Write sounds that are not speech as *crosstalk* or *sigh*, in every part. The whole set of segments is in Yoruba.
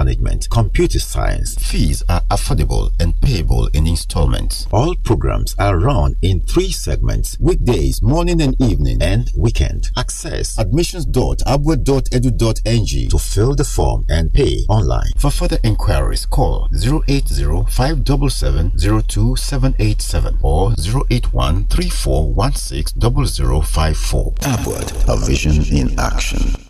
management, computer science. Fees are affordable and payable in installments. All programs are run in three segments weekdays, morning and evening, and weekend. Access admissions.abwa.edu.ng to fill the form and pay online. For further inquiries, call 080 or 081 3416 0054. Abward, a vision in action.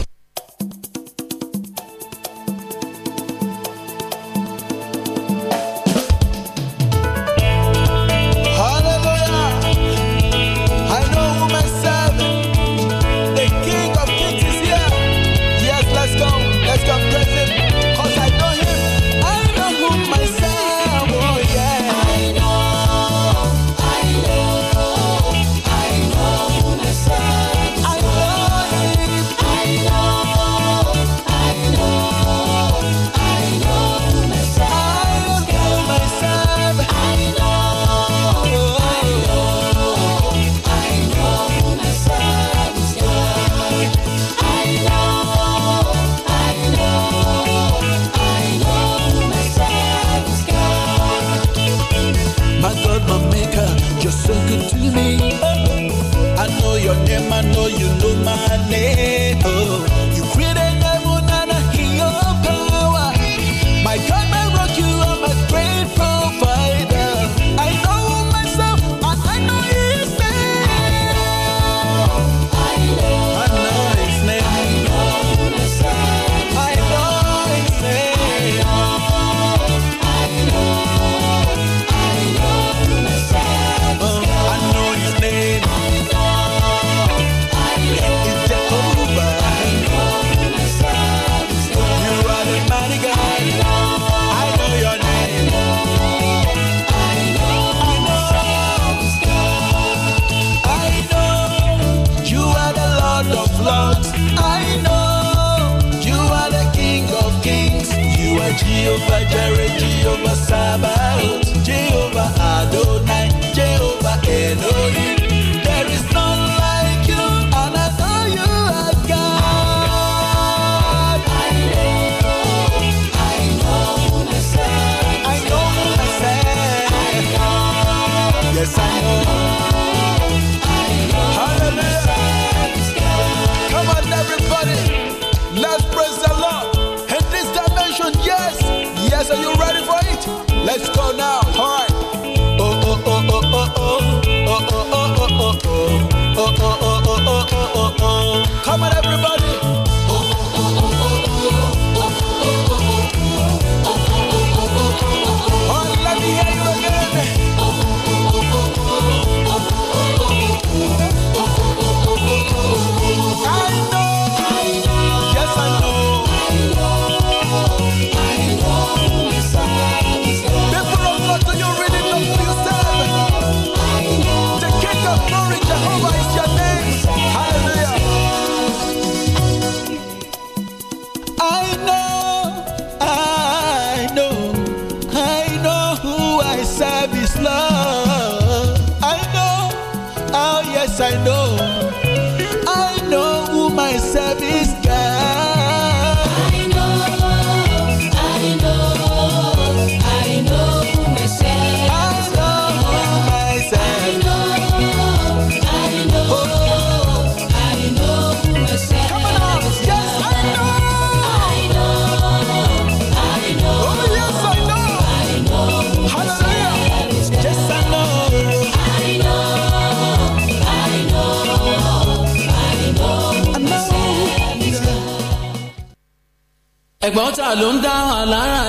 ẹ̀gbọ́n ta ló ń dá wa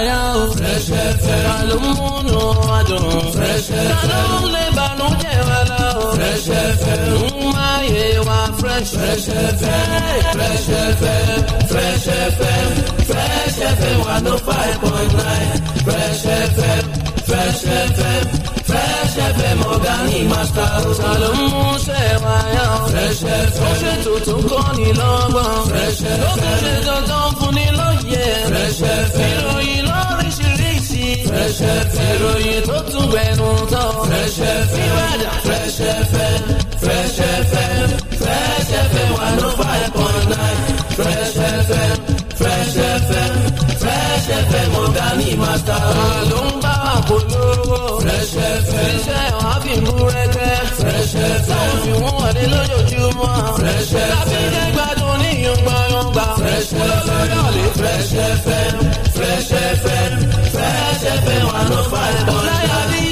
yá o. Fresh FM. ta ló ń múnú wa dùn. Fresh FM. ta ló ń lé ìbànújẹ́ wa lọ. Fresh FM. ń máa yé wa Fresh. Fresh FM. Fresh FM. Fresh FM. Fresh FM five point nine. Fresh FM. Fresh FM. Tani masters ta ló ń mú sẹ́wà yá ọ. Fresh FM ó ṣe tuntun kọ́ ni lọ́gbọ̀n. Fresh FM ó tún ṣe dandan fún ni lóye. Fresh FM ìròyìn lóríṣiríṣi. Fresh FM ìròyìn tó tún gbẹnu tán. Fresh FM ìbàdàn. Fresh FM Fresh FM Fresh FM one oh five point nine. Fresh FM Fresh FM Fresh FM ọ̀gá ni màtà. ta ló ń ìlú rẹ̀kẹ́. fẹsẹ̀ fẹ́ fi wọ́n wọlé lójoojúmọ́. fẹsẹ̀ fẹ́ láti jẹ́ gbádùn ní ìyọ̀ngbàyọ̀ngbà. fẹsẹ̀ fẹ́ lọ́lẹ̀ fẹsẹ̀ fẹ́ wà ló fà ẹ̀ bọ́lá yá ní.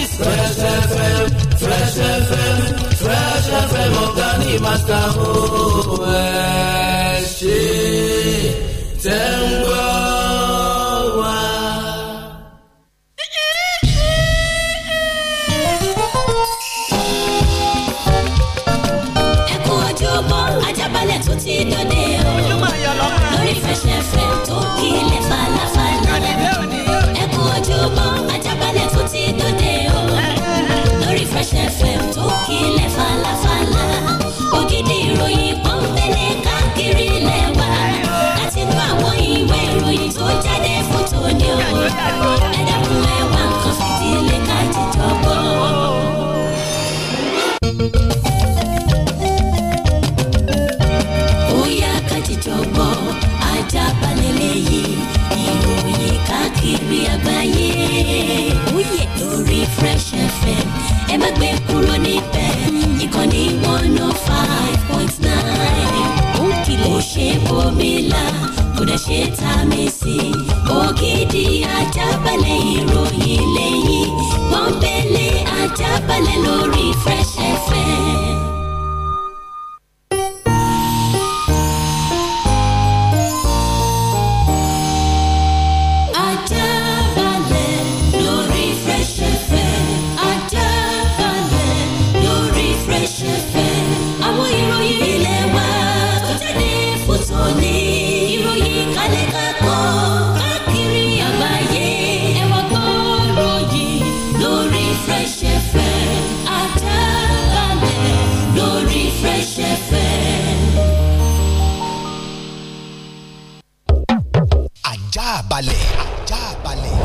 àjà àbalẹ̀ àjà àbalẹ̀.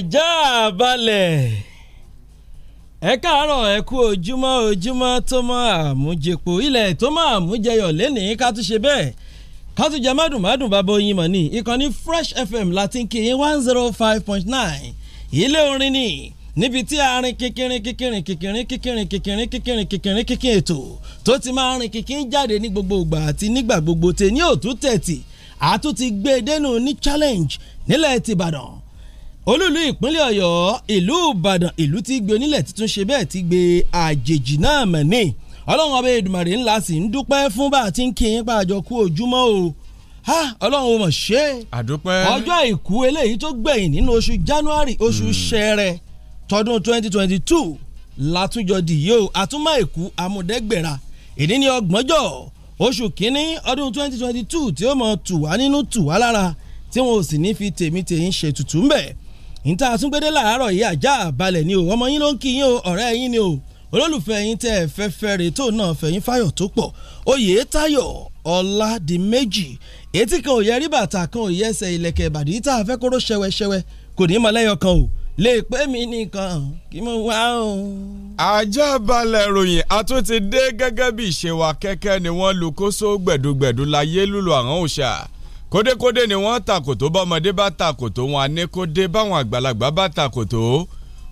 ajá balẹ̀ ẹ káàárọ̀ ẹ kú ojúmọ́ ojúmọ́ tó máa mú jẹpo ilẹ̀ tó máa mú jẹyọ lẹ́nìí ká tún ṣe bẹ́ẹ̀ ká tún jẹ mádùnmádùn bàbá oyin mọ̀ ní ìkànnì fresh fm láti ń kíyìn one zero oh five point nine ilé orin ni níbi tí arin kíkìrín kíkìrín kíkìrín kíkìrín kíkìrín kíkìrín kíkìrín kíkìrín ètò tó ti máa rin kíkìrín jáde ní gbogbo ìgbà àti nígbà gbogbo tè ní òtún tẹ̀tì àtúntì gbé e dénú ní challenge nílẹ̀ tìbàdàn olúìlú ìpínlẹ̀ ọ̀yọ́ ìlú ìbàdàn ìlú tí gbé onílẹ̀ tuntun ṣe bẹ́ẹ̀ ti gbé àjèjì náà mọ̀ ní ọlọ́run ọba èdùmàrè ńlá sì ń dúpẹ́ fún bá a ti ń kí yín pàjọ kú ojúmọ́ o ha ọlọ́run mọ̀ ṣe àdúpẹ́ ọjọ́ ìkú eléyìí tó gbẹ̀yìn nínú oṣù january oṣù hmm. ṣẹrẹ tọdún 2022 látúnjọ dìyó àtúmọ̀ ìkú amúdẹ́gbẹ̀ra èdè ní ọgbọ̀njọ́ oṣù kínní ọdún 2022 tí ó mọ̀ tù wá nínú tù wá lára tí wọn ò sì ní fi tèmi ṣètùtù ń bẹ̀ níta àtúngbédé làárọ̀ yìí àjà àbalẹ̀ ni o ọmọ yín ló ń kí yín o ọ̀rẹ́ yín ni o olólùfẹ́ yín tẹ́ ẹ fẹ́ fẹ́rẹ̀ tó náà fẹ̀yìn fáyọ̀ tó pọ̀ oyè tayo ọlá di méjì etí kan ò yẹ rí bàtà kan ò yẹ ẹsẹ̀ ìlẹ̀kẹ̀ ìbàdí tá a fẹ́ kóró ṣẹwẹ́ṣẹwẹ́ kò ní mọ lẹ́yọ kan o lè pé mi nìkan kí mo wá o. ajá balẹ̀ ròyìn àtúntì dé gẹ́gẹ́ bí ìṣèwà kẹ́kẹ́ ni wọ́n lu kóso gbẹ̀dúgbẹ̀dú láyé lùlù àwọn òòṣà kódékódé ni wọ́n takòtó bọ́mọdé bá takòtó wọn anékódé báwọn àgbàlagbà bá takòtó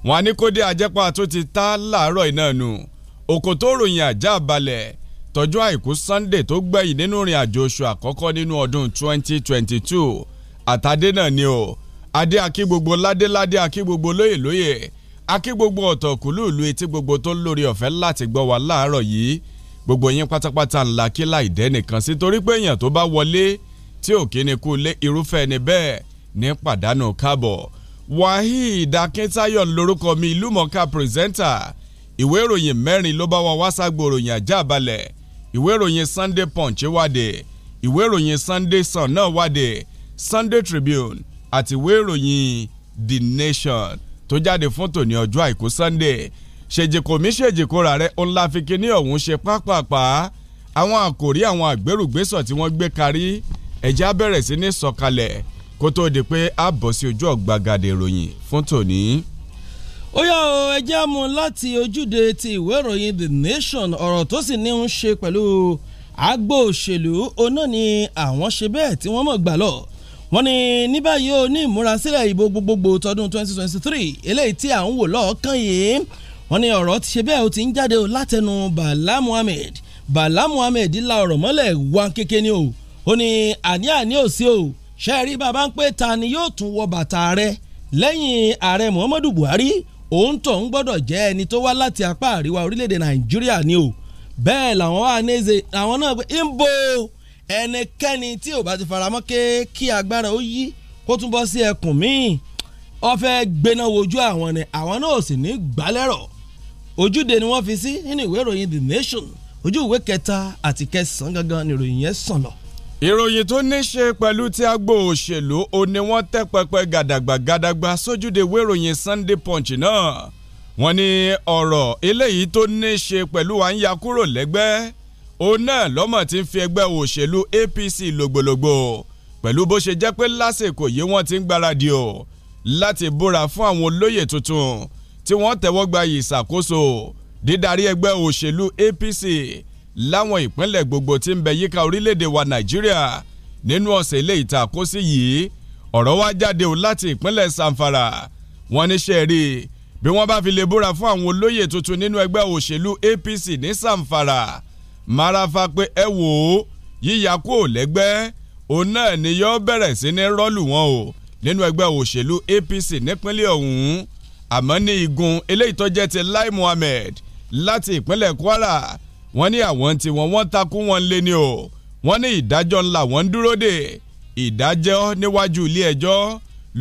wọn anékódé ajẹ́pá tó ti ta láàárọ̀ iná nu òkò tó ròyìn àjá balẹ̀ tọjọ́ àìkú Sunday tó gbẹ̀yìn nínú ìrìn àjò oṣù àkọ́kọ́ nínú ọdún 2022 àtàdé náà ni o adé akí gbogbo ládéládé akí gbogbo lóyè lóyè akí gbogbo ọ̀tọ̀ kùlùlù etí gbogbo tó lórí ọ̀fẹ́ láti gbọ́ wa láàárọ̀ yìí gbogbo yín pátápátá ńlá kí láì dẹ́nìkan sí torí pé èèyàn tó bá wọlé tí òkè ni kú lé irúfẹ́ ẹni bẹ́ẹ̀ ní pàdánù kábọ̀ Waheed Akintayo lorúkọ mi ìlúmọ̀ọ́ká pírẹsẹ́ńtà ìwé ìròyìn mẹ́rin ló bá wa wá ságbó ìròyìn ajá balẹ̀ ìwé ìròyìn Sunday Punch wádé ìwé ìròyìn Sunday Sun náà wádé Sunday Tribune àti ìwé ìròyìn The Nation tó jáde fún tòní ọjọ́ àìkú Sunday ṣèjìkò mi ṣèjìkò rà rẹ òun la fi kíní ọ̀hún ṣe pápápá àwọn àkòrí àwọn àgbérùgbésọ̀ tí wọ́n gbé karí ẹ̀já bẹ̀rẹ̀ sí ní sọ̀kalẹ̀ kó tóó di pé a bọ̀ sí ojú ọ̀gbagadè ìròyìn fún tòní. ó yá o ẹjẹ́ mu láti ojúde ti ìwé ìròyìn The Nation ọ̀rọ̀ tó sì ní ń ṣe pẹ̀lú agbo òṣèlú oná ni àwọn ṣe bẹ́ẹ̀ tí wọ́n mọ̀ gbà lọ wọ́n ní ní báyìí ó ní ìmúrasílẹ̀ ìbò gbogbogbò tọdún 2023 eléyìí tí à ń wò lọ́ọ̀kan yìí wọ́n ní ọ̀rọ̀ ti ṣe bẹ́ẹ̀ ó ti ń jáde látẹnu Bala Muhammed Bala Muhammed la ọ̀rọ̀ mọ́lẹ̀ wá kékeré ni o ó ní àní àní ò sí o ṣe rí bàbá ń pé ta ni yóò tún wọ bàtà rẹ lẹ́yìn ààrẹ Muhammadu Buhari òun tó ń gbọ́dọ̀ jẹ́ ẹni tó wá láti apá àríwá orílẹ̀-èdè Nàìjíríà ni o bẹ́ẹ̀ làwọn wà néze àwọn náà pé ń bo ẹnikẹ́ni tí ò bá ti faramọ́ ké kí agbára ó yí kó tún bọ́ sí ẹkùn míì wọ́n fẹ́ gbéná wojú àwọn ni àwọn náà ò sì ní gbálẹ́rọ̀ ojúde ni wọ́n fi sí nínú ìwé ìròyìn The Nation ojú ìwé kẹta àti kẹsàn-án gangan ni ìròyìn yẹn sàn lọ ìròyìn tó ní ṣe pẹ̀lú ti agbo òṣèlú ó ní wọ́n tẹ́ pẹpẹ gàdàgbà gàdàgbà sójúde wéròyìn Sunday Punch náà wọ́n ní ọ̀rọ̀ eléyìí tó ní ṣe pẹ̀lú à ń ya kúrò lẹ́gbẹ́ òun náà lọ́mọ̀ tí ń fi ẹgbẹ́ òṣèlú APC lògbòlògbò pẹ̀lú bó ṣe jẹ́ pé lásìkò yìí wọ́n ti ń gbáradì o láti búra fún àwọn olóyè tuntun tí wọ́n tẹ́wọ́ gba ìṣàkóso dídarí ẹgbẹ́ òṣèlú APC láwọn ìpínlẹ̀ gbogbo tí ń bẹ yíká orílẹ̀-èdè wa nàìjíríà nínú ọ̀sẹ̀ ilé ìtàkósí yìí ọ̀rọ̀ wá jáde o láti ìpínlẹ̀ sanfara wọ́n ní ṣe rí bí wọ́n bá fi lè búra fún àwọn olóyè tuntun nínú ẹgbẹ́ òṣèlú APC ní sanfara marafa pé ẹ wò ó yíya kú ò lẹ́gbẹ́ òun náà ni yó bẹ̀rẹ̀ sí ní rọ́ọ̀lù wọn o nínú ẹgbẹ́ òṣèlú APC nípínlẹ̀ ọ̀hún àmọ́ ní igun eléyìí tó jẹ́ ti Lai Muhammed láti ìpínlẹ̀ Kwara wọ́n ní àwọn tí wọ́n wọ́n takú wọn lé ní o wọ́n ní ìdájọ́ ńlá wọ́n ń dúró dè ìdájọ́ níwájú ilé ẹjọ́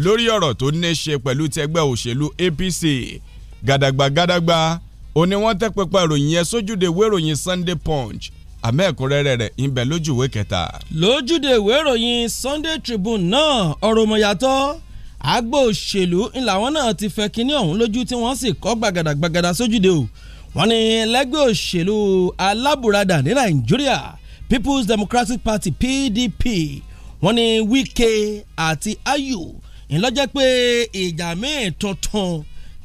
lórí ọ̀rọ̀ tó ní ṣe pẹ̀lú tẹgbẹ́ òṣèlú APC gàdàgbà gàdàgbà ó ní wọ́n tẹ́ pẹpẹ ìròyìn yẹn sójúde ìwé ìròyìn Sunday Punch àmọ́ ẹ̀kúnrẹ́rẹ́ rẹ̀ ń bẹ lójú ìwé kẹta. lójúde ìwé ìròyìn Sunday Tribune náà ọ̀rọ̀ mọ̀yàtọ̀ àgbò òṣèlú ńlá wọn náà ti fẹ́ kinní ọ̀hún lójú tí wọ́n sì kọ́ gbàgàdàgbàgàdà sójúde o wọ́n ní lẹ́gbẹ́ òṣèlú alábùradà ní nàìjíríà people's democratic party pdp wọ́n ní wike àti ayu ńlọ́jẹ́ pé ìjà míì tuntun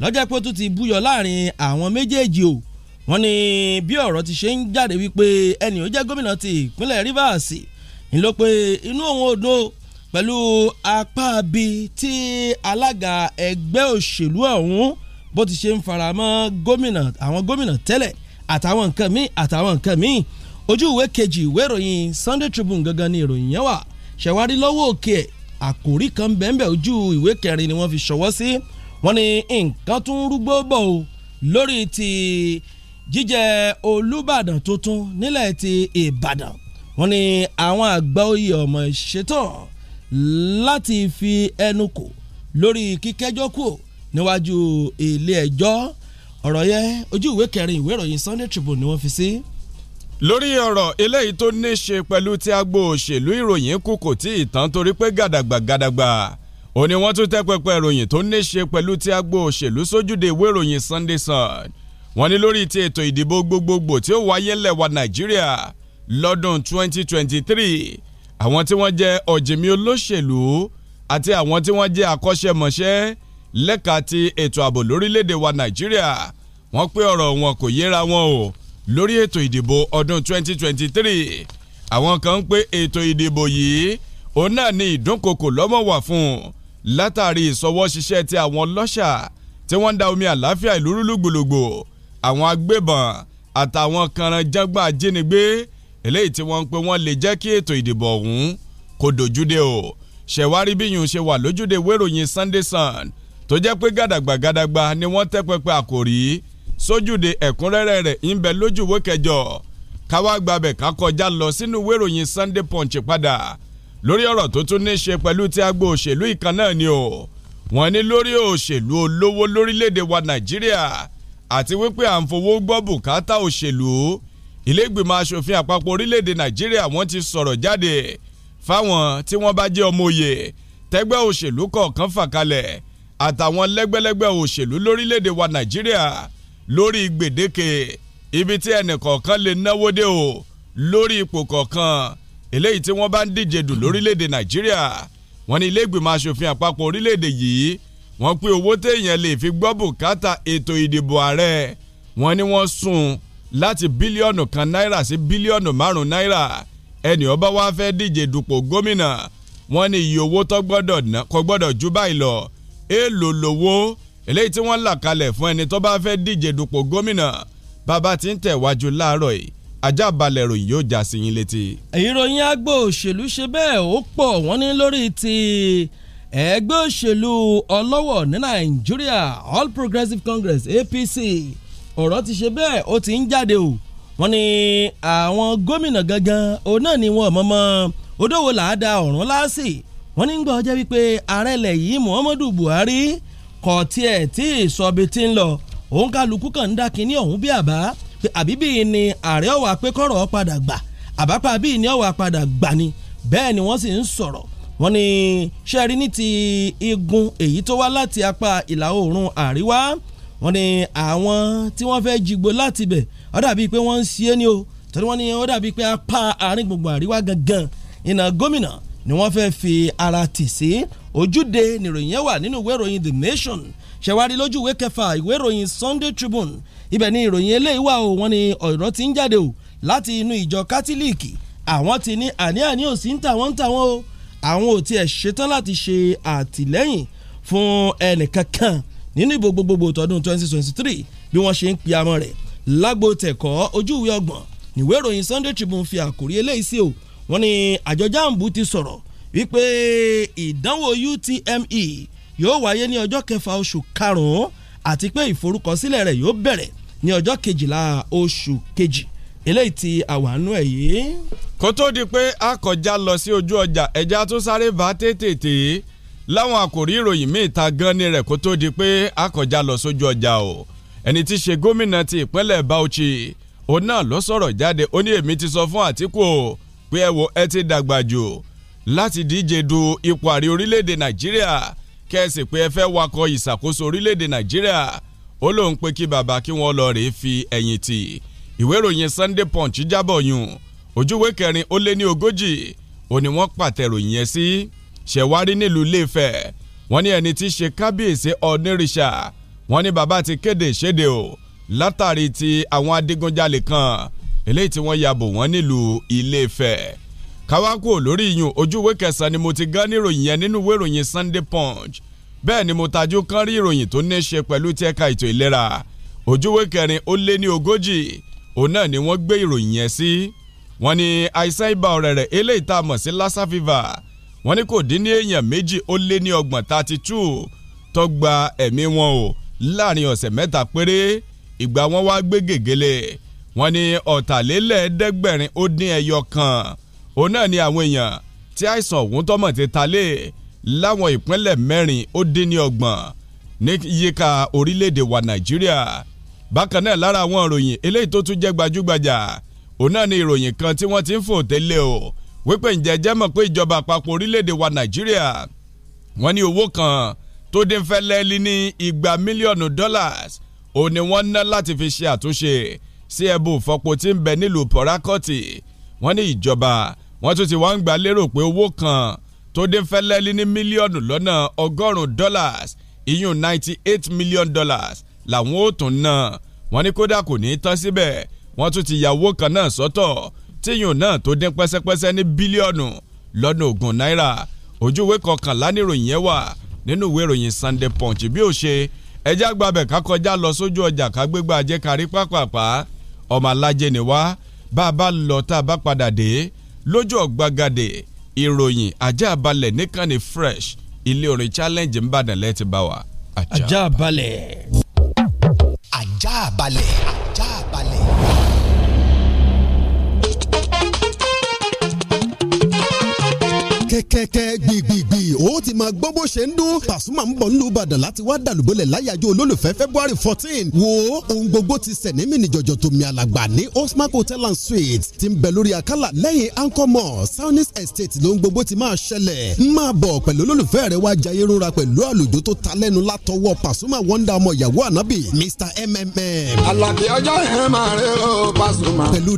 lọ́jẹ́ pé ó tún ti búyọ láàrin àwọn méjèèjì o wọ́n ní bí ọ̀rọ̀ ti ṣe ń jáde wípé ẹnì ó jẹ́ gómìnà ti ìpínlẹ̀ rivers ńlọ pé inú òun ò dùn pẹ̀lú apá bíi ti alága ẹgbẹ́ òṣèlú ọ̀hún bó ti ṣe ń faramọ́ gómìnà àwọn gómìnà tẹ́lẹ̀ àtàwọn nǹkan míì àtàwọn nǹkan míì ojú ìwé kejì ìwé ìròyìn Sunday Tribune gangan ni ìròyìn yẹn wà ṣẹ̀wárí lọ́wọ́ òkè ẹ̀ àkòrí kan bẹ́ẹ̀ ojú ìwé kẹrin ni wọ́n fi ṣọwọ́ sí wọ́n ní nǹkan tún rúgbó bọ̀ o lórí ti jíjẹ Olúbàdàn tuntun nílẹ̀ ti Ìbàdàn wọ́n ní àwọn àgbà oyè ọmọ ṣetán láti fi ẹnu kò lórí kíkẹ́jọ́ kúrò níwájú ilé ẹjọ́ ọ̀rọ̀ yẹn ojú ìwé kẹrin ìwé ìròyìn Sunday Tribune ni wọ́n fi sí. lórí ọ̀rọ̀ eléyìí tó ní í ṣe pẹ̀lú tí agbo òṣèlú ìròyìn kù kò tí ì tán torí pé gàdàgbà gàdàgbà ó ní wọ́n tún tẹ́ pẹpẹ ìròyìn tó ní í ṣe pẹ̀lú tí agbo òṣèlú sójúde ìwé ìròyìn Sunday Sun wọ́n ní lórí ti ètò ìdìbò gbogbogbò tí ó wáyé lẹ́wà Nàìjíríà lọ́dún 2023 àwọn tí wọ́n jẹ́ ọ̀jìnmí olóṣèlú àti àwọn tí wọ́n jẹ́ akọ́ṣẹ́mọṣẹ́ lẹ́ka ti ètò ààbò lórílẹ̀‐èdè wa nàìjíríà wọ́n pé ọ̀rọ̀ wọn kò yéra wọn o lórí ètò ìdìbò ọdún 2023 àwọn kan ń pé ètò ìdìbò yìí òun náà ni ìdúnkokò lọ́mọ wà fún un látàrí ìsọwọ́ ṣiṣẹ́ ti àwọn ọlọ́ṣà tí wọ́n ń da omi àlàáfíà ìlú rúlú gbòlògbò àwọn agbébọn àtàwọn kànránjágbá ajínigbé eléyìí tí wọ́n ń pè wọ́n lè jẹ́ kí ètò ìdìbò ọ̀hún kò dojúde o ṣẹ̀wárí bí ṣe wà lójúde wéròyìn Sunday Sun tó jẹ́ pé gàdàgbà gàdàgbà ni wọ́n tẹ́ pẹpẹ àkòrí sójúde ẹ̀kúnrẹ́rẹ́ rẹ̀ ń bẹ lójúwó kẹjọ káwá gbabẹ̀ ká kọjá lọ sínú ìwé ìròyìn Sunday Punch padà lórí ọ̀rọ̀ tó tún ní ṣe pẹ̀lú ti agbo òṣèlú ìkan náà ni o wọ́n ní lórí òṣèlú olówó lórílẹ̀‐èdè wa Nàìjíríà àti wípé à ń fowó gbọ́ bùkátà òṣèlú ilégbìmọ̀ asòfin àpapọ̀ orílẹ̀‐èdè Nàìjíríà wọ́n ti sọ̀rọ̀ jáde fáwọn tí wọ́n bá jẹ́ ọmọ òye tẹ́gbẹ́ òṣèlú kọ̀ọ̀kan fà kalẹ̀ àtàwọn lẹ́gbẹ́lẹ́gbẹ́ òṣèlú lórílẹ̀‐èdè wa nàìjíríà lórí gbèdéke ibi tí ẹnìkọ̀ọ̀kan lè náwó dé o lórí ipò kọ̀ọ̀kan eléyìí tí wọ́n bá ń díje dùn lórílẹ̀‐èdè nàìjíríà wọ́n ní ilé ìgbìmọ̀ asòfin àpapọ̀ orílẹ̀‐èdè yìí wọ́n pé owó téèyàn lè fi gbọ́ bùkátà ètò ìdìbò ààrẹ wọ́n ní wọ́n sún láti bílíọ̀nù kan náírà sí bílíọ̀nù márùn-ún náírà ẹni ó bá wá fẹ́ díje dupò gómìnà wọ́n ní iye owó tó gbọ́dọ̀ ju báyìí lọ èèlò lówó eléyìí tí wọ́n là kalẹ̀ fún ẹni tó bá fẹ́ díje dupò gómìnà bàbá tí ń tẹ̀wájú láàárọ̀ yìí ajá balẹ̀ ròyìn yóò já sí yín létí. ìròyìn agbo òṣèlú ṣe bẹ́ẹ̀ ó pọ̀ wọ́n ní lórí ti ẹgbẹ́ òṣèlú ọlọ́wọ̀ ní nàìjíríà All Progressives Congress APC ọ̀rọ̀ ti ṣe bẹ́ẹ̀ ó ti ń jáde o wọ́n ní àwọn gómìnà gangan òun náà ni wọ́n mọ̀mọ́ odòwò làá da ọ̀run wọ́n ní gbọ́ jẹ́ wípé ààrẹ yìí Muhammadu Buhari kò tiẹ̀ tí ìsọ̀bi ti ń lọ òun kálukú kàn ń dá kinní ọ̀hún bí àbá pé àbí bíi ni ààrẹ ọ̀wà pé kọ́rọ̀ padà gbà àbápá bíi ni ọ̀wà padà gbà ni bẹ́ẹ̀ ni wọ́n sì ń sọ̀rọ̀ wọ́n ní sẹ́ẹ̀rí ní ti igun èyí tó wá láti apá ìlà oòrùn àríwá wọ́n ní àwọn tí wọ́n fẹ́ jigbo láti bẹ̀ ó dàbí pé wọ́n ń ṣe é ní o torí wọ́n ní ó dàbí pé apá àárín gbùngbùn àríwá gangan ìnà gómìnà ni wọ́n fẹ́ fi ara tì sí ojúde nìròyìn yẹn wà nínú ìwé ìròyìn The Nation ṣẹ̀wárí lójú ìwé kẹfà ìwé ìròyìn Sunday Tribune ibẹ̀ ni ìròyìn eléyìí wà o wọ́n ni ọ̀rọ̀ tí ń jáde o láti inú ìjọ kátólíìkì àwọn ti ní àní-àní ò sí ń tà wọ́n ń tà wọ́n o àwọn ò tiẹ̀ ṣetán láti ṣe àtìlẹ́yìn fún ẹnìkankan nínú ìbò gbogbogbò tọdún 2023 bí wọ́n ṣe ń pe amọ̀ rẹ̀ lágbo tẹ̀kọ́ ojú ìwé ọgbọ̀n níwé ìròyìn Sunday Tribune fi àkórí eléyìí sí o wọ́n ní àjọ jambu ti sọ̀rọ̀ wípé ìdánwò UTME yóò wáyé ní ọjọ́ kẹfà oṣù karùn-ún àti pé ìforúkọsílẹ̀ rẹ̀ yóò bẹ̀rẹ̀ ní ọjọ́ kejìlá oṣù kejì eléyìí ti àwàánú ẹ̀ yìí. kó tó di pé a kọjá lọ sí ojú ọjà ẹja tó sáré bá tètè láwọn àkòrí ìròyìn míì ta gan ni rẹ̀ kó tó di pé a kọjá lọ sójú ọjà o ẹni tí í ṣe gómìnà ti ìpínlẹ̀ Bauchi òun náà ló sọ̀rọ̀ jáde ó ní èmi ti sọ fún Àtíkù o pé ẹ wo ẹ ti dàgbà jù láti díje du ipò àrí orílẹ̀-èdè nàìjíríà kẹ́sì pé ẹ fẹ́ wakọ̀ ìṣàkóso orílẹ̀-èdè nàìjíríà ó lóun pé kí bàbá kí wọ́n lọ rèé fi ẹ̀yìn tì ìwé ìròyìn Sunday Punch jábọ̀ yùn ojúwé kẹrin ó lé ní ogójì ó ní wọ́n pàtẹ́rò yẹn sí ṣẹ̀wárí nílùú Ilé-Ifẹ̀ wọ́n ní ẹni tí ṣe kábíyèsí ọ̀nìrìṣà wọ́n ní bàbá ti kéde ìṣèdè o látàrí ti àwọn adigunjalè kan eléyìí tí wọ́n ya bò wọ́n nílùú Ilé-Ifẹ̀ káwákù lórí iyùn ojú ìwé kẹsàn-án ni mo ti gán níròyìn yẹn nínú ìwé ìròyìn Sunday Punch bẹ́ẹ̀ ni mo tajú kán rí ìròyìn tó ní í ṣe pẹ̀lú ti ẹ̀ka ètò ìlera ojú kẹrin ó lé ní ogójì òun náà ni wọ́n gbé ìròyìn yẹn sí wọ́n ní àìsàn ibà ọ̀rẹ̀rẹ̀ eléyìí tá a mọ̀ sí Lassa fever wọ́n ní kò dín ní èèyàn méjì ó lé ní ọgbọ̀n thirty two tó gba ẹ̀mí wọn o láàrin ọ̀sẹ̀ mẹ́ta péré ìgbà wọn wá gbé gègélé wọ́n ní ọ̀tàlélẹ́ẹ̀ẹ́dẹ́gbẹ̀rin ó dín ẹyọ kan òun náà ni àwọn èèyàn tí àìsàn ọ̀hún tọ́mọ̀ ti ta lé láwọn ìpínlẹ̀ mẹ́rin ó dín ní ọgbọ̀n ní yíká orílẹ̀-èdè wa Nàìjíríà bákan náà lára àwọn ìròyìn eléyìí tó tún jẹ́ gbajúgbajà òun náà ni ìròyìn kan tí wọ́n ti ń fò tẹ́lẹ̀ o wípé ǹjẹ́ jẹ́ mọ̀ pé ìjọba àpapọ̀ orílẹ̀-èdè wa Nàìjíríà wọ́n ní owó kan tó dín fẹ́lẹ́ẹ́lì ní igba mílíọ̀nù dọ́là òun ni wọ́n ná láti fi ṣe àtúnṣe sí ẹbú ìfọpo tí ń bẹ nílùú Pọ̀rákọ́tì wọ́n ní ìjọba wọ́n tún ti wá ń gbà lérò pé owó kan tó dé fẹ́lẹ́lí ní mílíọ̀nù lọ́nà ọgọ́rùn-ún dollars iyún ninety eight million dollars làwọn ó tún ná wọ́n ní kódà kò ní í tán síbẹ̀ wọ́n tún ti yàwó kan náà sọ́tọ̀ tíyùn náà tó dín pẹ́sẹ́pẹ́sẹ́ ní bílíọ̀nù lọ́nà ogún náírà ojúwe kọkànlá níròyìn yẹn wà nínú ìwé ìròyìn Sunday Punch bí ó ṣe ẹjá gbàbẹ̀ ká kọjá lọ sójú ọjà ká gbégbá pápápá ọmọ alájẹ ni wá bá a bá lọ tá a bá padà dé lójú ọ̀gbagadè ìròyìn ajá balẹ̀ níkànnì fresh ilé orin challenge ńbàdàn lẹ́ẹ̀tì bá wa. ajá balẹ̀. ajá balẹ̀. ajá balẹ̀. kẹ́kẹ́kẹ́ gbìgbìgbì ó ti máa gbọ́ bó ṣe ń dún Pasuma ń bọ̀ nínú Ìbàdàn láti wá dàlúbọ̀lẹ̀ láyàjọ́ olólùfẹ́ February fourteen wo ohun gbogbo ti sẹ̀ ní mìnìjọ̀jọ̀ tó mi àlàgbà ní Osmark Hotel and Suites ti ń bẹ lórí àkàlà lẹ́yìn Anchor Mall Saunis Estate lóhun gbogbo ti máa ṣẹlẹ̀ ń máa bọ̀ pẹ̀lú olólùfẹ́ rẹ̀ wá jayé rúra pẹ̀lú àlùjọ tó ta lẹ́nu látọwọ́ Pasuma wonder ọmọ ìyàwó ànábì Mr MMM. Àlàbí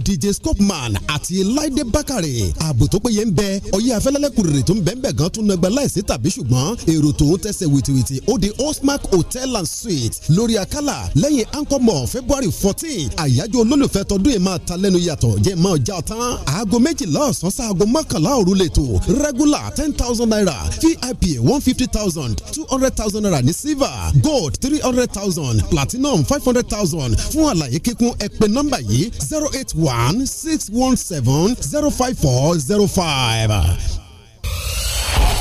DJ Scopeman àti Láìdé Bákàrẹ̀ ààbò tó péye ń bẹ ọyẹ́ rere tó ń bẹ́ẹ̀nbẹ́ gan tún nàgbà láìsí tàbí ṣùgbọ́n èrò tòun tẹ̀sẹ̀ wìtìwìtì ó di Osmark Hotel and Suite lórí Akala lẹ́yìn Anchor Mall February fourteen àyájọ́ olólùfẹ́ tọdún yìí máa ta lẹ́nu yàtọ̀ jẹ́ máa já tán aago méjìlá ọ̀sán sáago mọ́kànlá òru lẹ́tọ̀ regular ten thousand naira VIP one fifty thousand two hundred thousand naira ní silver gold three hundred thousand platinum five hundred thousand fún àlàyé kíkún ẹ pè nọ́mbà yìí zero eight one six one seven zero five four zero five.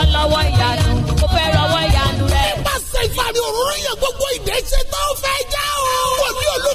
ọlọ́wọ́ ìyanu mo fẹ́ rọwọ́ ìyanu rẹ. nípasẹ̀ ìfàmì òróró yẹn gbogbo ìdẹ́sẹ̀ tó fẹ́ jẹ́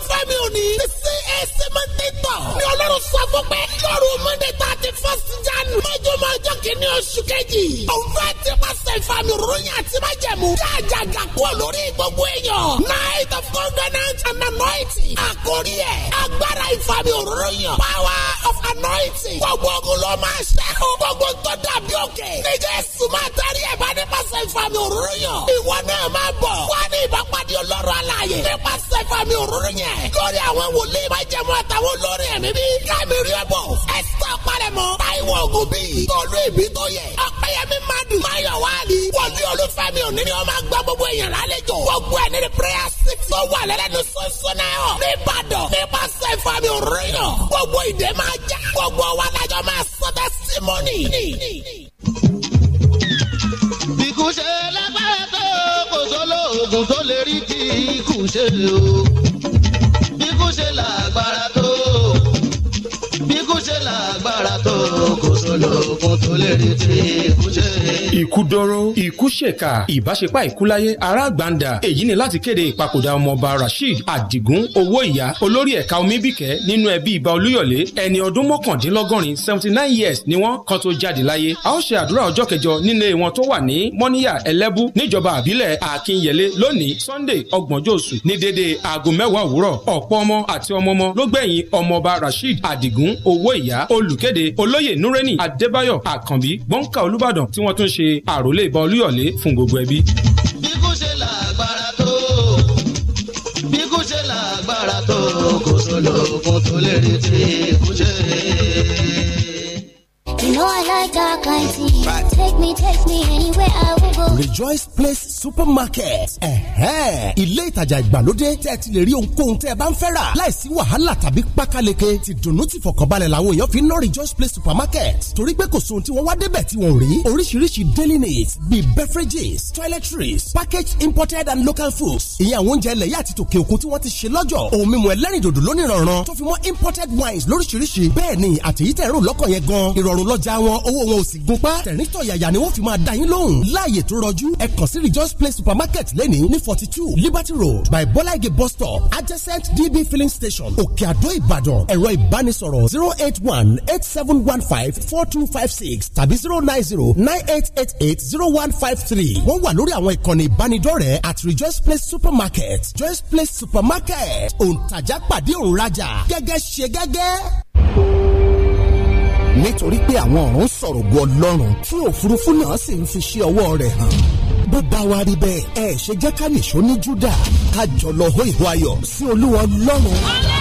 fúlàmì òní ti CAC monday tọ̀ ni ọlọ́run sọ fún pé lọ́rùn monday thirty first jan mọ́jọ́mọ́ ọjọ́ kìíní oṣù kejì òun fẹ́ ti pàṣẹ ìfàmì ròyìn àti májẹ̀mú jáàjà gàkú olórí gbogbo èèyàn night of covenant and anointing àkórí ẹ̀ agbára ìfàmì ròyìn power of anointing gbogbo ogun ló máa ṣe o gbogbo tó dàbí òkè níjẹ́ sùnmọ́ àtàrí ẹ̀ bá ní pàṣẹ ìfàmì ròyìn ìwọ náà máa bọ̀ wá ní ìbápadì ọlọ́run àlàyé nípa àmì òróró yẹn lórí àwọn wòlíì máa jẹmọ́ àtàwọn olórí ẹ̀mí bí káàmì rí ẹ bọ̀ ẹ̀sítọ́ parẹ́mọ́ táìwọ̀ ogun bíi tọ́lú èmi tó yẹ ọ̀pẹ̀yẹmí madu máyọ̀ wáàlì wọlé olúfẹ́mi òní ni wọ́n máa gbá gbogbo èèyàn lálejò gbogbo ẹ̀ ní prayer six tó wà lẹ́lẹ́nu sọ́sọ́ náà ọ̀ níbàdàn nípasẹ̀ ìfami òróró yàn gbogbo ìdè máa já gbogbo wa lájọ máa sọ testimony. bíkú ṣe lágbára tó kò sólóògùn tó lè rí ti ikú ṣe lè o bí kú ṣe làgbára tó bí kú ṣe làgbára tó lóògùn tó lè rí tí ikú ṣe. ikú dóró ikú ṣèkà ìbáṣepá ìkúláyé aráàgbàǹdà èyí ni láti kéde ìpapòdà ọmọọba rasheed adigun owó ìyá olórí ẹ̀ka omíbìkẹ́ nínú ẹbí ìbá olúyọ̀lé ẹni ọdún mọ́kàndínlọ́gọ́rin seventy nine years ni wọ́n kan tó jáde láyé a ó ṣe àdúrà ọjọ́ kẹjọ nílé wọn tó wà ní mọ́níyà ẹlẹ́bú níjọba àbílẹ̀ àkínyẹlé lónìí sunday ọgbọ̀njọ́ oṣù ní dédé aago mẹ́wàá òwúrọ̀ ọ̀pọ̀ ọmọ àti ọmọ ọmọ adigun owó ìyá olùkéde olóyè nureni adébáyọ̀ àkànbí gbọǹkà olúbàdàn tí wọ́n tún ṣe àròlé ìbọn olúyọ̀lé fún gbogbo ẹbí. bí ṣe lágbára tó bí ṣe lágbára tó kò sólò fún tó lè retí kò know I like dark lighting. Right. Take me, take me anywhere I will go. Rejoice Place Supermarket. Ẹ̀hẹ́n. Ilé ìtajà ìgbàlódé tẹ́ ẹ ti lè rí ohunkóhun tẹ́ ẹ bá ń fẹ́ rà. Láìsí wàhálà tàbí pákáleke. Ti dùnnú ti fọkànbalẹ̀ làwọn èèyàn fi ń ná Rejoice Place Supermarket. Torí pé kò sóhun tí wọ́n wá débẹ̀ tí wọ́n rí. Oríṣiríṣi daily needs bíi beverages, toiletries, packaged imported and local foods. Ìyẹn àwọn oúnjẹ ilẹ̀ yá àti tòkè òkun tí wọ́n ti ṣe lọ́jọ̀. Ohun mímu ẹlẹ́rìndòdò lónìí rọ̀rùn. Tó fi mọ́ imported wines lóríṣiríṣi. Bẹ́ẹ̀ ni àtẹ̀yítẹ̀ rò lọ́kàn yẹn gan. Ìrọ̀rùn lọ́jà ọjà wọn owó wọn ò sì gun pa tẹ̀ríntọ̀ yàyà ni wọ́n fi máa dá yín lóhùn láàyè tó rọjú ẹ kàn sí rejoice place supermarket lẹ́ni ní forty two liberty road by bọ́láìgì bus stop adjacent db filling station òkè àdó ìbàdàn ẹ̀rọ ìbánisọ̀rọ̀ zero eight one eight seven one five four two five six tàbí zero nine zero nine eight eight eight zero one five three wọ́n wà lórí àwọn ìkànnì ìbánidọ́rẹ̀ẹ́ at rejoice Play supermarket rejoice Play supermarket òǹtajà pàdé òǹrajà gẹ́gẹ́ ṣe gẹ́gẹ́ nítorí pé àwọn ọ̀run sọ̀rọ̀ gu ọlọ́run tí òfurufú náà sì ń fi ṣe ọwọ́ rẹ̀ hàn bó bá wa rí bẹ́ẹ̀ ẹ ṣe jẹ́ ká nìṣó ní júdà ká jọ lọ hó ìhó ayọ̀ sí olúwa ọlọ́run. ọlọ́run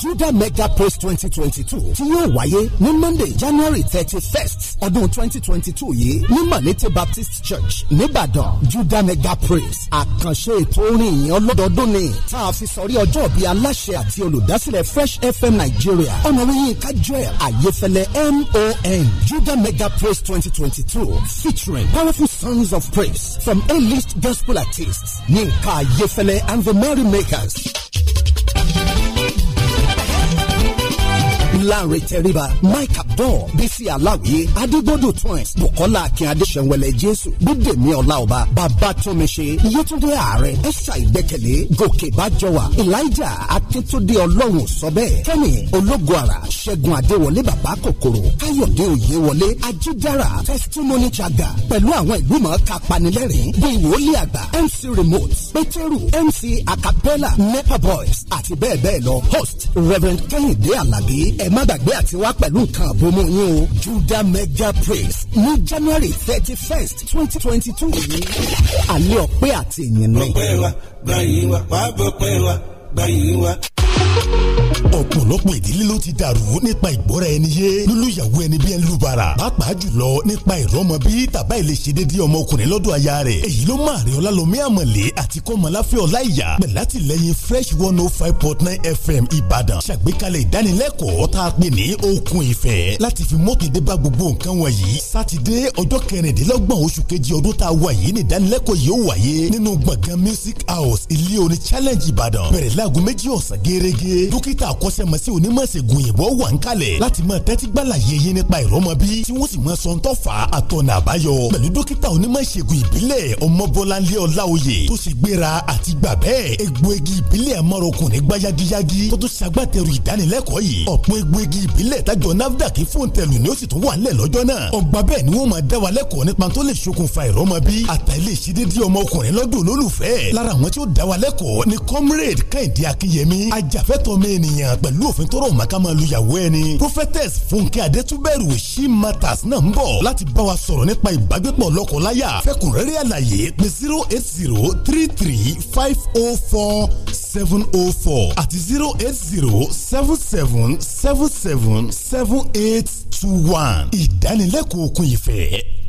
Juda mega post twenty twenty two tí yóò wáyé ní monday january thirty first ọdún twenty twenty two yìí ní malete baptist church nìbàdàn judah mega praise àkànṣe ètò orin ìyẹn ọlọ́dọọdún ni tá a fi sọrí ọjọ́ bíi aláṣẹ àti olùdásílẹ̀ fresh fm nigeria ọ̀nàwé yínká joel ayéfẹ́lẹ́ mon Juda mega praise twenty twenty two featuring powerful songs of praise from a-list gospel artists yínká ayéfẹ́lẹ́ and the Makers. Láre Tẹríba Mike Abdul Bísí Aláwìyé Adégbòdò Twins Bùkọ́lá Akin Adéṣẹ́wẹlẹ̀ Jésù Bídèmí Ọláọba Babátúnmiṣe Yétúndé Ààrẹ Ẹ̀ṣà Ìgbẹ́kẹ̀lé Gòkè Bájọwà Elijah Akíntúndé Ọlọ́run sọ bẹ́ẹ̀ Kẹ́mi Ológo Àrà Ṣẹ́gun Adéwọlé Bàbá Kòkòrò Káyọ̀dé Òyewọlé Ajídára Testimony Chaga pẹ̀lú àwọn ìlú mọ̀ọ́ká panilẹ́rìn bíi Wòlíì Àgbà MC Remote Pétérù MC Acapella Nepa Boys àti bẹ́ẹ̀ bẹ́ẹ̀ lọ host Rev Kẹ́hìndé Àlàbí ẹ̀ ẹ má gbàgbé àti wá pẹ̀lú nǹkan àbomú yín o juda mega praise ní january thirty first twenty twenty two yìí àlẹ́ ọ̀pẹ́ àti ìyìn náà. wa gbàyìn wa wàá bọ̀ wa gbàyìn wa ọ̀pọ̀lọpọ̀ ìdílé ló ti dàrú nípa ìgbọ́ra ẹni yé lólùyàwó ẹni bí ẹni lùbàrà pàápàá jùlọ nípa ìrọmọ bí tàbá ìlẹsẹdẹdẹ ọmọkùnrin lọ́dọ̀ aya rẹ̀ èyí ló máa rí ọlálọmí àmọ̀lé àti kọ́mọláfẹ́ ọláìyá pẹ̀látìlẹ́yìn fresh one oh five point nine fm ìbàdàn ṣàgbékalẹ̀ ìdánilẹ́kọ̀ọ́ tá a pè ní okun ìfẹ́ láti fi mọ́tòdé bá gbogbo nǹkan wọ̀nyí sátidé ọjọ́ kẹrìndínlọ́gbọ̀n oṣù kejì ọdún tá a wà yìí ní ìdánilẹ́kọ̀ọ́ yìí ó wáyé nínú gbọ̀ngàn music house ilé oní challenge ìbàdàn bẹ̀rẹ̀ láago méjì ọ̀sán gẹ́gẹ́ dókítà akọ́ṣẹ́mọṣẹ́ onímọ̀ ìṣègùn òyìnbó wà ń kalẹ̀ láti máa tẹ́tí gbàlà yeye nípa ìrọmọbí tí wọ́n sì máa sọ ntọ́fà àtọ̀nà àbáyọ pẹ̀lú dókítà onímọ̀ ìṣègùn ìbílẹ̀ ọmọbọ́láńlé ọláoyè tó sì gbéra àti gbà bẹ́ẹ̀ egbòogi ìbílẹ̀ amárokùnrin gbá yagiyagi tó tún ṣagbátẹrù ìdánilẹ́kọ̀ọ́ yìí ọ̀pọ̀ ni ó sì tún wà ńlẹ̀ lọ́jọ́ náà ọgbà bẹ́ẹ̀ ni wọ́n máa dá ènìyàn pẹ̀lú òfin tó rọ̀ màkà máa lu ìyàwó ẹni. prophetess fúnkẹ́ adétúbẹ̀rù she matters náà ń bọ̀ láti bá wa sọ̀rọ̀ nípa ìbágbépọ̀ lọ́kọ̀láyà fẹ́kùnrẹ́rẹ́ àlàyé pé zero eight zero three three five oh four seven oh four àti zero eight zero seven seven seven seven seven eight two one ìdánilẹ́kọ̀ọ́ òkun ìfẹ́.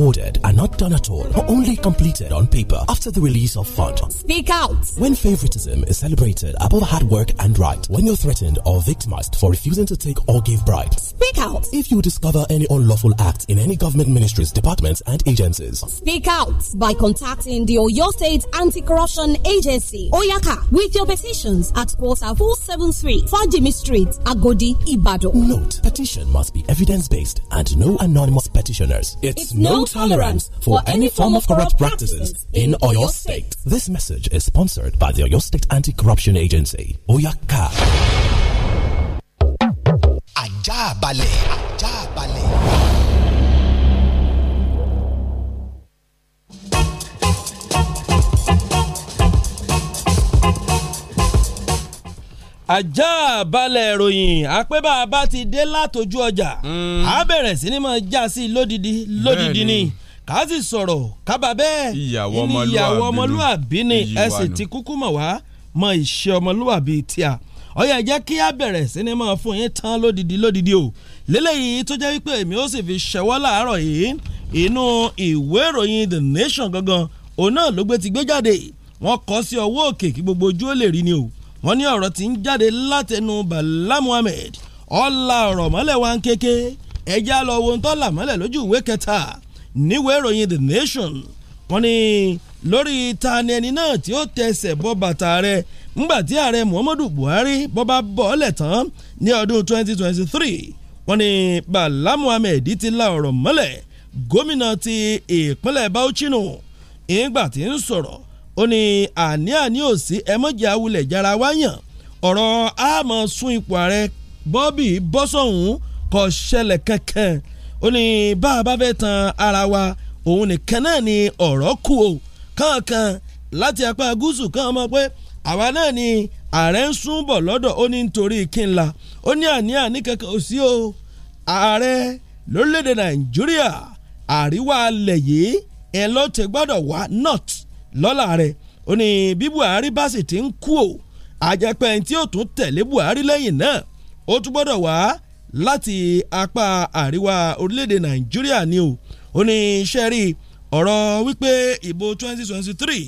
awarded are not done at all or only completed on paper after the release of fund. Speak out! When favoritism is celebrated above hard work and right, when you're threatened or victimized for refusing to take or give bribe, speak out! If you discover any unlawful act in any government ministries, departments, and agencies, speak out by contacting the Oyo State Anti Corruption Agency, Oyaka, with your petitions at quarter 473 Fajimi Street, Agodi, Ibadan. Note, petition must be evidence based and no anonymous petitioners. It's, it's tolerance for any form of corrupt practices in Oyo State. This message is sponsored by the Oyo State Anti-Corruption Agency, Oyaka. Ajabale, Ajabale. ajá balẹ̀ ìròyìn àpébà bá ti dé látọjú ọjà á hmm. bẹ̀rẹ̀ sí ni mo já sí lódìdí lódìdí ni ká sì sọ̀rọ̀ kábà bẹ́ẹ̀ ìyàwó ọmọlúwàbí ni ẹ sì ti kúkú mọ̀ wá mọ ìṣe ọmọlúwàbí tí a ó jẹ́ kí á bẹ̀rẹ̀ sí ni mo fún yín tán lódìdí lódìdí o lélẹ́yìí tó jẹ́ wípé èmi ó sì fi ṣẹ̀wọ́ làárọ̀ yìí inú ìwé ìròyìn The Nation gangan òun náà ló gbé ti gbé jáde wọ́n kọ sí ọwọ́ òkè kí gbogbo ojú ó lè rí ni o wọ́n ní ọ̀rọ̀ tí ń jáde látẹnu Bala Muhammed ọ̀la ọ̀rọ̀ mọ́lẹ̀ wa ń kéke ẹja lọ wo ń tọ́lá mọ́lẹ̀ lójú ìwé kẹta níwèé ìròyìn The Nation wọ́n ní lórí tani ẹni náà tí ó tẹsẹ̀ bọ́ bàtà rẹ̀ ńgbà tí ààrẹ Muhammadu Buhari bá bọ́ba bọ́ọ̀lẹ̀ tán ní ọdún 2023 wọ́n ní Bala Muhammed ti la ọ̀rọ̀ mọ́lẹ̀ gómìnà ti ìpínlẹ̀ Bauchi ìgbà tí ń sọ̀rọ̀ ó ní àní àní ò sí ẹmọ́jẹ́ awulẹ̀ jara wáyàn ọ̀rọ̀ àmọ́ sún ipò ààrẹ Bobby bọ́sọ̀hún kò ṣẹlẹ̀ kankan ó ní bá a bá fẹ́ tan ara wa òun nìkan náà ni ọ̀rọ̀ kù o kankan láti apá gúúsù kan mọ̀ pé àwa náà ni ààrẹ ń sún bọ̀ lọ́dọ̀ ó ní nítorí kí n la ó ní àní àní kankan ò sí o ààrẹ lórílẹ̀‐èdè Nàìjíríà àríwá alẹ̀ yìí ẹ̀ lọ́ọ́ tẹ gbọ́dọ̀ wá north lọ́lá rẹ̀ ó ní bí Buhari bá sì ti ń kú o àjẹpẹ́ ẹni tí ó tún tẹ̀lé Buhari lẹ́yìn náà ó tún gbọ́dọ̀ wá láti apá àríwá orílẹ̀-èdè Nàìjíríà ni o ó ní iṣẹ́ rí ọ̀rọ̀ wípé ìbò 2023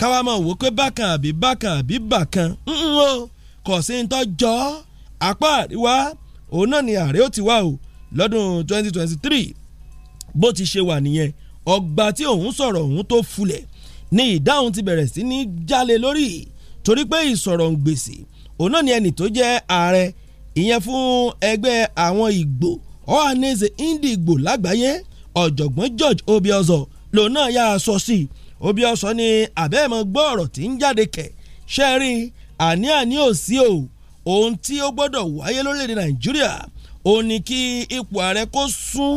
káwá mọ̀ wò pé bákan àbí bákan àbí bákan o kò sí ń tọ́jọ́ apá àríwá òun náà ni ààrẹ ó ti wá o lọ́dún 2023 bó ti ṣe wà nìyẹn ọgbà tí òun sọ̀rọ̀ òun tó fulẹ̀ ní ìdáhùn ti bẹ̀rẹ̀ sí ní jálè lórí torí pé ìsọ̀rọ̀ ń gbèsè òun náà ni ẹnì tó jẹ́ ààrẹ ìyẹn fún ẹgbẹ́ àwọn Ìgbò Ohanaeze Ndigbo lágbàáyé ọ̀jọ̀gbọ́n George Obiọzọ lòun náà yà á sọ sí i Obiọzọ ni àbẹ́ẹ̀mọ gbọ́ ọ̀rọ̀ tí ń jáde kẹ̀ ṣe rí àní àní ò sí o ohun tí ó gbọ́dọ̀ wáyé lórílẹ̀‐èdè Nàìjíríà òun ni kí ipò ààrẹ kó sún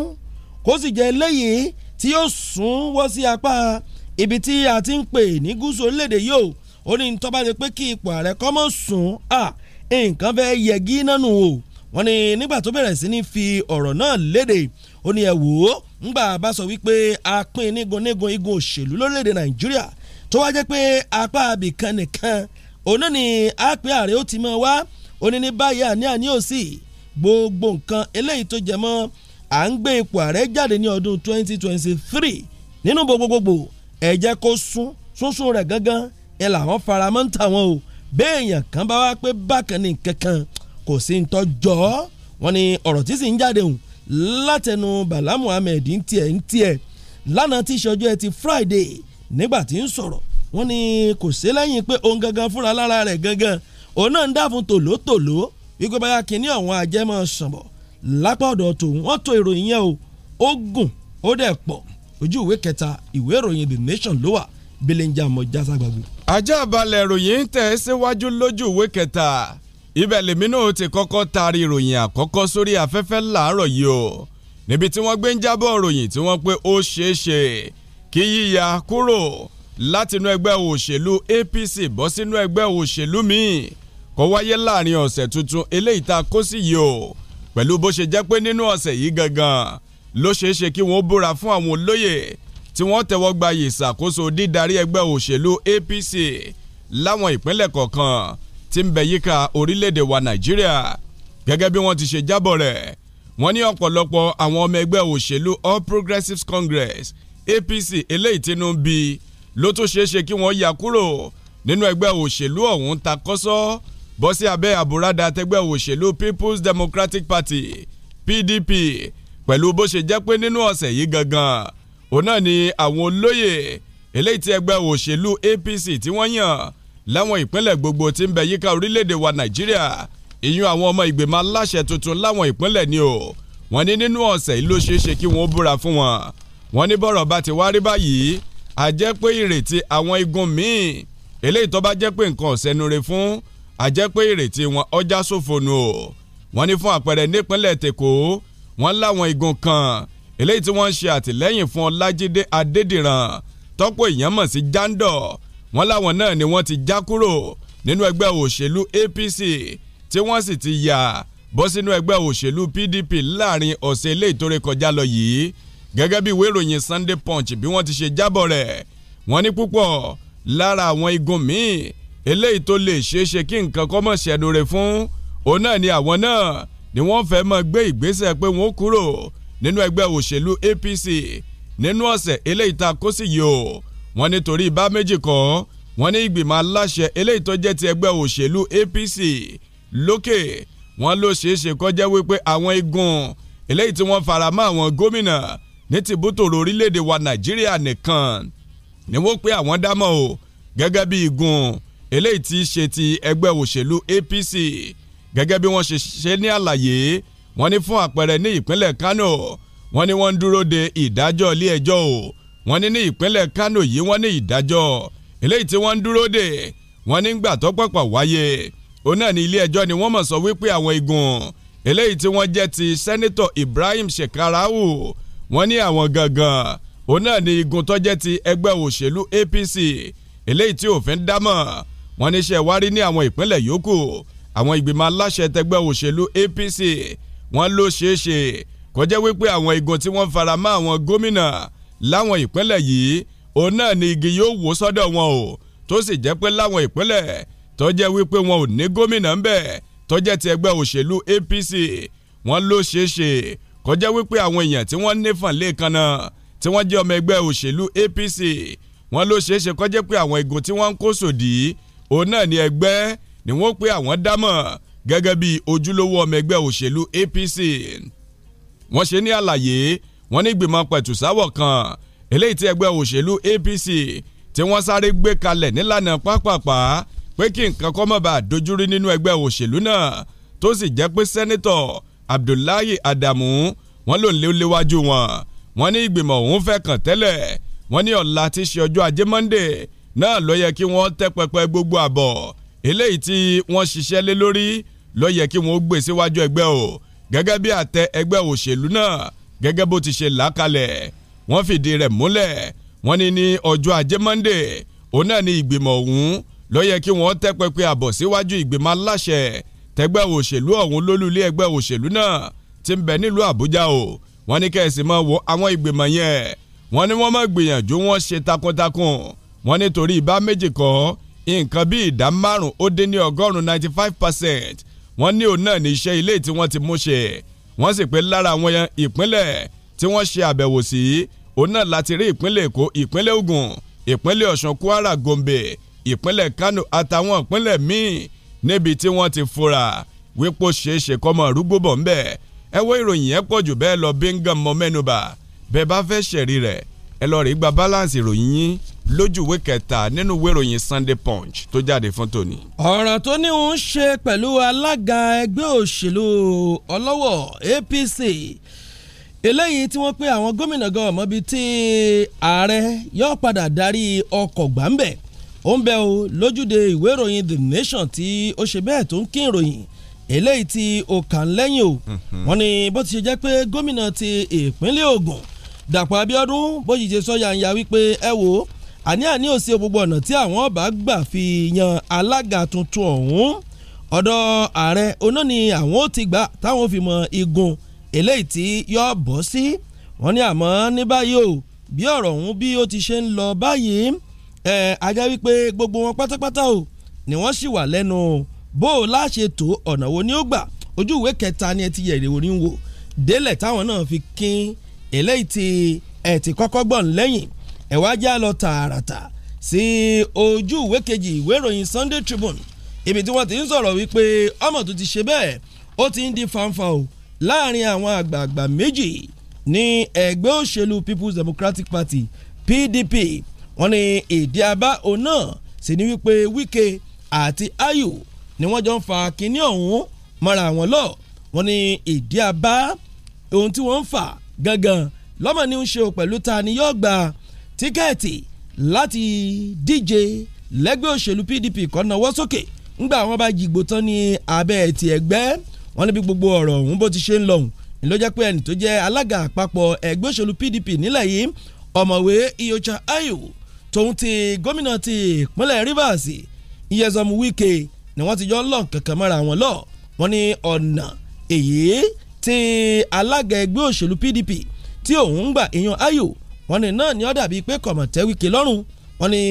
kó sì jẹ́ eléyìí tí yóò sún wọ́ sí apá ibi tí a ti ń pè ní gúúsù orílẹ̀-èdè yìí o ó ní tó bá ṣe pé kí ipò ààrẹ kọ́ mọ́ sùn à nǹkan fẹ́ yẹgí nánu o wọ́n ní nígbà tó bẹ̀rẹ̀ sí ní fi ọ̀rọ̀ náà léde ó ní ẹ wò ó ńgbà bá sọ wípé a pín nígun nígun igun òṣèlú lórílẹ̀‐èdè nàìjíríà tó wá jẹ́ pé apá abìkan nìkan òun náà ni a pé ààrẹ ó ti mọ̀ wá ó ní ní báyìí àní àní ò sí gbogbo nǹkan eléyìí tó jẹ mọ́ à ń gbé ipò ààrẹ jáde ní ọdún 2023 nínú gbogbogbò ẹ jẹ́ kó sún súnsún rẹ̀ gangan ẹ làwọn fara faramọ́ ń tà wọ́n o bẹ́ẹ̀ béèyàn kan bá wá pé bákan ní kankan kò sí ń tọ́jọ́ wọn ni ọ̀rọ̀ tí sì ń jáde hùn látẹnu Bala Muhammed ń tiẹ̀ ń tiẹ̀ lánàá tí ìṣọjọ́ ẹ ti Friday nígbà tí ń sọ̀rọ̀ wọn ni kò sí lẹ́yìn pé òun gangan fúnra lára rẹ̀ gangan òun náà ń dáàfún tòlótòló wípé báyà kínní ọ̀hún ajẹ́mọ̀ sànbọ̀ lápá ọ̀dọ̀ tòun wọ́n tó ìròyìn yẹn o ó gùn ó dẹ̀ pọ̀ ojú ìwé kẹta ìwé ìròyìn the nation ló wà belenja mọjá ságbàgbọ. ajá balẹ̀ ìròyìn tẹ̀ síwájú lójú ìwé kẹta ibẹ̀ lèmi náà ti kọ́kọ́ taari ìròyìn àkọ́kọ́ sórí afẹ́fẹ́ làárọ̀ yìí o níbi tí wọ́n gbé ń jábọ̀ ìròyìn tí wọ́n pé ó ṣeé ṣe kí yíya kúrò látinú ẹgbẹ́ òṣèlú APC bọ́ sínú ẹgbẹ́ òṣèlú míì kó wáyé láàrin ọ̀sẹ̀ tuntun eléyìí tá a kó sí yìí o pẹ̀lú bó ṣe jẹ́ pé nínú ọ̀sẹ̀ yìí gangan ló ṣeé ṣe kí wọ́n búra fún àwọn olóyè tí wọ́n tẹ́wọ́ gba yè ṣàkóso dídarí ẹgbẹ́ òṣèlú APC láwọn ìpínlẹ̀ kọ̀ọ̀kan tí ń bẹ yíká orílẹ̀-èdè wa Nàìjíríà gẹ́gẹ́ bí wọ́n ti ṣe jábọ̀ rẹ̀ wọ́n ní ọ̀pọ̀lọpọ̀ àwọn ọmọ ẹgbẹ́ òṣèlú All Progressives Congress APC eléyìí tínú ń bí ló tún ṣeé ṣe kí wọ́n yà kúrò nínú ẹgbẹ́ òṣèlú ọ̀hún ta kọ́sọ́ bọ́ abẹ́ àbúradà tẹgbẹ́ òṣèlú People's Democratic Party PDP pẹ̀lú bó ṣe jẹ́ pé nínú ọ̀sẹ̀ yìí gangan òun náà ni àwọn olóyè eléyìí ti ẹgbẹ́ òṣèlú APC tí wọ́n yàn láwọn ìpínlẹ̀ gbogbo tí ń bẹ yíká orílẹ̀-èdè wa Nàìjíríà ìyún àwọn ọmọ ìgbìmọ̀ aláṣẹ tuntun láwọn ìpínlẹ̀ ni o wọ́n ní nínú ọ̀sẹ̀ yìí ló ṣeé ṣe kí wọ́n búra fún wọn wọ́n ní bọ́rọ̀ bá ti wá rí báyìí a jẹ́ pé ìrètí àwọn igun míì eléyìí tó bá jẹ́ pé nǹkan ọ̀sẹ̀nure fún a jẹ́ pé ìrètí wọn ọjà sófo nù o wọ́n ní fún àpẹẹrẹ nípínlẹ̀ tèkó wọ́n láwọn igun kan eléyìí tí wọ́n ń ṣe àtìlẹ́yìn fún Ọlájídé Adédìran tọ́pọ̀ èèyàn mọ̀ sí Jandor wọ́n láwọn náà ni wọ́n ti já kúrò nínú ẹgbẹ́ òṣèlú APC tí wọ́n sì ti yà bọ́ sínú ẹgbẹ́ òṣèlú PDP láàrin ọ̀sẹ̀ eléyìí tó rékọjá lọ yìí gẹ́gẹ́ bí ìwé ìròyìn Sunday Punch bí wọ́n ti ṣe jábọ̀ rẹ̀ wọ́n ní púpọ̀ lára àwọn igun míì eléyìí tó lè ṣeéṣe kí nǹkan kọ́mọ̀ṣẹ́nu rẹ̀ fún òun náà ni àwọn náà ni wọ́n fẹ́ máa gbé ìgbésẹ̀ pé wọ́n kúrò nínú ẹgbẹ́ òṣèlú APC nínú ọ̀sẹ̀ eléyìí ta kó sì yìí o wọ́n nítorí bá méjì kan wọ́n ní ìgbìmọ̀ aláṣẹ eléyìí tó jẹ́ ti ẹgbẹ́ òṣèlú APC lókè wọ́n ló ṣeé ṣe kọjá wípé àwọn igun eléyìí tí wọ́n fara mọ́ àwọn gómìnà ní tìbútòrò orílẹ̀-èdè wa Nàìjíríà nìkan ni wọ́n pé àwọn dámọ̀ o gẹ́gẹ́ bí igun eléyìí tí í ṣe ti ẹgbẹ́ òṣèlú APC gẹ́gẹ́ bí wọ́n ṣe ṣe ní àlàyé wọ́n ní fún àpẹẹrẹ ní ìpínlẹ̀ Kano wọ́n ní wọ́n ń dúró de ìdájọ́ ilé ẹjọ́ o wọ́n ní ní ìpínlẹ̀ Kano yìí wọ́n ní ìdájọ́ eléyìí tí wọ́n ń dúró de wọ́n ní gbà tó pọ̀pọ̀ wáyé òun náà ní ilé ẹjọ́ ni wọ́n mọ̀ sọ wípé àwọn igun eléyìí tí wọ́n jẹ́ ti sẹ́nitọ̀ Ibrahim Shekarau wọ́n ní àwọn gangan òun náà ní igun tó jẹ́ ti ẹgbẹ́ òṣèlú APC eléyìí tí òfin dámọ̀ wọ́n ní ṣe wárí ní àwọn ìpínlẹ̀ yòókù àwọn ìgbìmọ̀ aláṣẹ tẹgbẹ́ òṣèlú APC wọ́n ló ṣeé ṣe kó jẹ́ wípé àwọn igun tí wọ́n fara mọ́ àwọn gómìnà láwọn ìpínlẹ̀ yìí òun náà ni igi yóò wó sọ́dọ̀ wọn o tó sì jẹ́ pé láwọn ìpínlẹ̀ tó wípé wọn ò ní gómìnà ńbẹ̀ tó jẹ́ ti ẹgbẹ́ òṣèlú APC wọ́n ló ṣeé ṣe kó jẹ́ wípé àwọn èèyàn tí wọ́n nífàn lẹ́ẹ̀kan náà tí wọ́n jẹ́ ọmọ ẹgbẹ́ òṣèlú APC wọ́n ló ṣeé ṣe kó jẹ́ pé àwọn igun tí wọ́n ń kó sòdì òun náà ni ẹgbẹ́ ni wọ́n pé àwọn dámọ̀ gẹ́gẹ́ bí ojúlówó ọmọ ẹgbẹ́ òṣèlú APC wọ́n ṣe ní àlàyé wọ́n ní ìgbìmọ̀ pẹ̀tùsáwọ̀ kan eléyìí tí ẹgbẹ́ òṣèlú APC tí wọ́n sáré gbé kalẹ̀ nílànà pápápá pé kí nǹkan kọ́ mọ̀ bá dojúrí nínú ẹgbẹ́ òṣèlú náà tó sì jẹ́ pé sẹ́nitọ̀ Abdullahi Adamu wọ́n ló ń lé léwájú wọn wọ́n ní ìgbìmọ̀ ọ̀hún fẹ́ kàn tẹ́lẹ̀ wọ́n ní ọ̀la tí ṣe ọjọ́ ajé Monday náà ló yẹ kí wọ́n tẹ́ pẹpẹ gbogbo àbọ̀ eléyìí tí wọ́n ṣiṣẹ́ lé lórí ló yẹ kí wọ́n gbé síwájú ẹgbẹ́ o gẹ́gẹ́ bí àtẹ ẹgbẹ́ òṣèlú náà gẹ́gẹ́ bó ti ṣe làákalẹ̀ wọ́n fìdí rẹ̀ múlẹ̀ wọ́n ní ní ọjọ́ ajé monde òun náà ní ìgbìmọ̀ ọ̀hún ló yẹ kí wọ́n tẹ́ pẹpẹ àbọ̀ síwájú ìgbìmọ̀ aláṣẹ tẹgbẹ́ òṣèlú ọ̀hún lólùlé ẹgbẹ́ òṣèlú náà ti ń bẹ nílùú àbújá o wọ́n ní kẹ́sì máa wo àwọn ìgbìmọ̀ yẹn wọ́n ní wọ́n máa gbìyànjú wọ́n ṣe takuntakun wọ́n nítorí ibà méjì kọ́ nǹkan bí ìdá márùn ó dín ní ọgọ́rùn-ún ninety five percent wọ́n ní òun náà ní iṣẹ́ ilé tí wọ́n ti mú ṣe wọ́n sì pé lára àwọn ìpínlẹ̀ tí wọ́n ṣe àbẹ̀wò sí òun náà láti rí ìpínlẹ̀ Èkó ìpínlẹ̀ Ògùn ìpínlẹ̀ Ọ̀ṣun Kwara Gombe ìpínlẹ̀ Kano àtàwọn ìpínlẹ̀ míì níbi tí wọ́n ti fura wípé ó ṣeé ṣe kọ́mọ rúgbó bọ̀ ńbẹ̀ ẹ wo ìròyìn yẹn pọ̀ jù bẹ́ẹ̀ lọ bí mọ́ mẹ́nuba bẹ́ẹ̀ bá fẹ́ ṣẹ̀rí rẹ̀ ẹ lọ rèé gba balance ìròyìn yín lójú ìwé kẹta nínú ìwé ìròyìn Sunday Punch tó jáde fún tòní. ọ̀rọ̀ tó ní ń ṣe pẹ̀lú alága ẹgbẹ́ òṣèlú ọlọ́wọ̀ APC eléyìí tí wọ́n pe àwọn gómìnà gan ọmọ bíi tí ààrẹ yóò padà darí ọkọ̀ gbàǹbẹ̀ ó ń bẹ o lójúde ìwé ìròyìn The Nation tí ó ṣe bẹ́ẹ̀ tó ń kí ìròyìn eléyìí tí ó kàn lẹ́yìn o mhm. wọ́n ní bó ti ṣe jẹ́ pé gómìnà ti ìpínlẹ̀ Ògùn Dàpọ̀ Abíọ́dún bóyí ṣe sọ yanya wípé ẹ wò ó àní àní ò sí gbogbo ọ̀nà tí àwọn ọba gbà fi yan alága tuntun ọ̀hún ọ̀dọ̀ ààrẹ oná ni àwọn ò ti gbà táwọn fi mọ igun eléyìí tí yóò bọ́ sí wọ́n ní àmọ́ ní báyìí o bí ọ̀rọ̀ ọ̀hún bí ó ti ṣe ń lọ báyìí ẹ̀ ajá wípé gbogbo wọn pátápátá o ni wọ́n sì wà lẹ́nu bó o láṣẹ tó ọ̀nà wo ni ó gbà ojú ìwé kẹta ni ẹ ti yẹ̀rẹ̀ orí ń wò délẹ̀ táwọn náà fi kín eléyìí tí ẹ ti kọ́kọ́ gbọ̀n lẹ́yìn ẹ wá já lọ tààràtà sí ojú ìwé kejì ìwé ìròyìn Sunday Tribune ibi tí wọ́n ti ń sọ̀rọ̀ wípé ọmọ tó ti ṣe bẹ́ẹ̀ ó ti ń di fanfa o láàrin àwọn àgbààgbà méjì ní ẹgbẹ́ òṣèlú People's Democratic Party PDP wọ́n ní ìdí abá òun náà sì ni wípé Wike àti Ayu ni wọ́n jọ ń fa kínní ọ̀hún mọ́ra àwọn lọ wọ́n ní ìdí abá ohun tí wọ́n ń fà gangan lọ́mọ ní ń ṣe o pẹ̀lú ta ni yóò gba tíkẹ́ẹ̀tì láti díje lẹ́gbẹ́ òṣèlú PDP kó nawọ́ sókè ńgbà wọn bá jìgbó tán ní abẹ́ ẹ̀tì ẹ̀gbẹ́ wọn níbi gbogbo ọ̀rọ̀ ọ̀hún bó ti ṣe ń lọ̀hún ló jẹ́ pé ẹni tó jẹ́ alága àpapọ̀ ẹgbẹ́ òṣèlú PDP nílẹ̀ yìí ọ̀mọ̀wé Iyocha Ayu tòun ti gómìnà ti ìpínlẹ̀ Rivers Nyesom Wike ni wọ́n ti jọ lọ́ọ̀ kankan mọ́ra wọn lọ wọ́n ní ọ̀nà èyí ti alága ẹgbẹ́ òṣèlú PDP tí òun ń gbà èèyàn ayò wọn ni náà ni ó dàbí pé kọ̀mọ̀tẹ́ Wike lọ́rùn wọn ni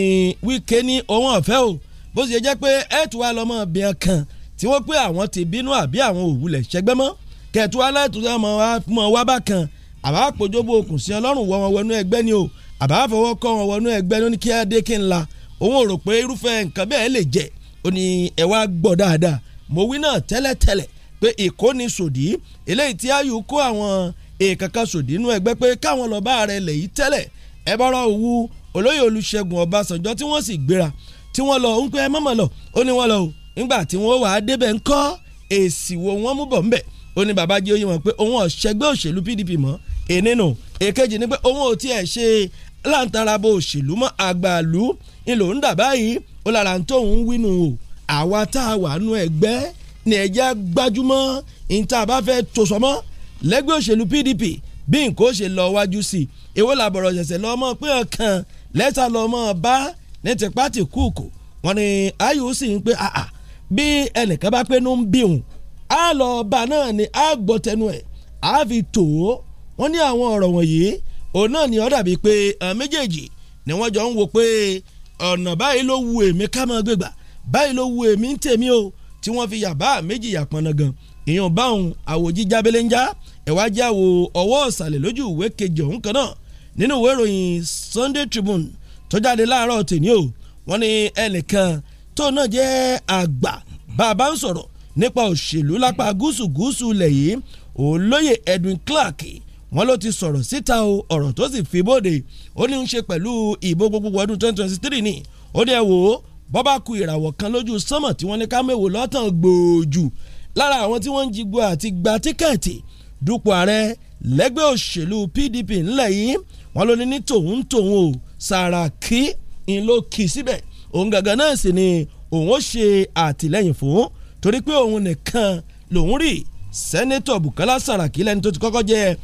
Wike ní ohun ọ̀fẹ́ o bó ṣe jẹ́ pé ẹ̀tù wa lọ́mọ bíọ́n kan tí wọ́n pé àwọn ti bínú àbí àwọn òwúlẹ̀ ṣẹgbẹ́ mọ́ kẹ̀tù aláìtúnṣe mọ̀ wá bá kan àbá àpòjọ́bọ̀ okùn sí ọlọ́run wọ wọn wọnú ẹgbẹ́ ni o àbá àfọwọ́ kọ́ wọn wọnú ẹgbẹ́ ní kí á dé kí n la òun ò rò pé irúfẹ́ nǹkan bẹ́ẹ̀ lè jẹ́ ó ní ẹ wá gbọ́ dáadáa mo wí náà tẹ́lẹ̀tẹ́lẹ̀ pé ìkónisòdì eléyìí tí ayù kó àwọn èèkànkan sòdì inú ẹgbẹ́ pé káwọn lọ́ọ́ bá rẹ̀ lè yí tẹ́lẹ̀ ẹ bọ́rọ̀ òwu olóyè olùṣègùn ọbásanjọ́ tí wọ́n sì gbéra tí wọ́n lọ ń pẹ́ mọ́mọ́ lọ ó ní wọ́n lọ o nígbà tí wọ́n wà á débẹ̀ ńkọ́ èsì wo wọ́n mú bọ̀ ńbẹ̀ ó ní bàbá jẹ́ oyè wọn pé òun ọ̀ṣẹ́gbẹ́ òṣèlú PDP mọ́ èní nù èkejì ni pé òun ò tiẹ̀ ṣe láǹtarabo òṣèlú mọ́ àgbàlú ńlò ń dà báyìí ó lára ń tóun wínú o àwa tá a wà nú ẹgbẹ́ ní ẹ̀jẹ̀ gbajúmọ́ níta bá fẹ́ tó sọmọ́ lẹ́gbẹ́ òṣèlú PDP bí nǹkan ó ṣe lọ wájú sí i èwo làbọ̀rọ̀ ṣẹ̀ṣẹ̀ lọ́mọ pé ọ̀kan lẹ́tà lọ́mọ bá ní tipa ti kúùkù wọn ni ayò sì ń pé àà bí ẹnìkan bá pé ló ń bí òun á lọ bá náà ni á gbọ́ tẹnu ẹ̀ á fi tò ó wọ́n ní àwọn ọ̀rọ̀ wọ̀nyí òun náà ni ó dàbí pé méjèèjì ni wọ́n jọ ń wo pé ọ̀nà báyìí ló wu èmi ká máa gbégbà báyìí ló wu èmi ń tèmi o tí wọ́n fi yàbá méjì yàpọ̀nà gan èèyàn báwọn àwò jíjá belenja ẹ̀wá jẹ́ àwò ọwọ́ ọ̀sàlẹ̀ lójú ìwé kejì ọ̀hún kan náà nínú ìwé ìròyìn Sunday Tribune tó jáde láàárọ̀ tèmi o wọ́n ní ẹnìkan tó náà jẹ́ àgbà bàbá ń sọ̀rọ̀ nípa òṣèlú lápá gúúsù gúúsù ilẹ̀ yìí olóyè Edwin Clark wọ́n ló ti sọ̀rọ̀ síta o ọ̀rọ̀ tó sì fi bóde ó ní ń ṣe pẹ̀lú ìbò gbogbogbò ọdún 2023 ni ó dẹ̀ wò bọ́bá ku ìràwọ̀ kan lójú sánmọ̀ tí wọ́n ní ká mẹ́wò lọ́tàn gbòòjù lára àwọn tí wọ́n ń jigbó àti gba tíkẹ́ẹ̀tì dupò ààrẹ lẹ́gbẹ́ òṣèlú PDP ńlẹ̀ yìí wọ́n ló ní ní tòun ń tòun o Sàràkí ń ló kì í síbẹ̀ òun gàgán náà sì ni òun ó ṣe àtìlẹ́yìn fún torí pé òun nìkan lòun rí sẹ́nẹ́tọ̀ Bùkọ́lá Sàràkí lẹ́ni tó ti kọ́kọ́ jẹ́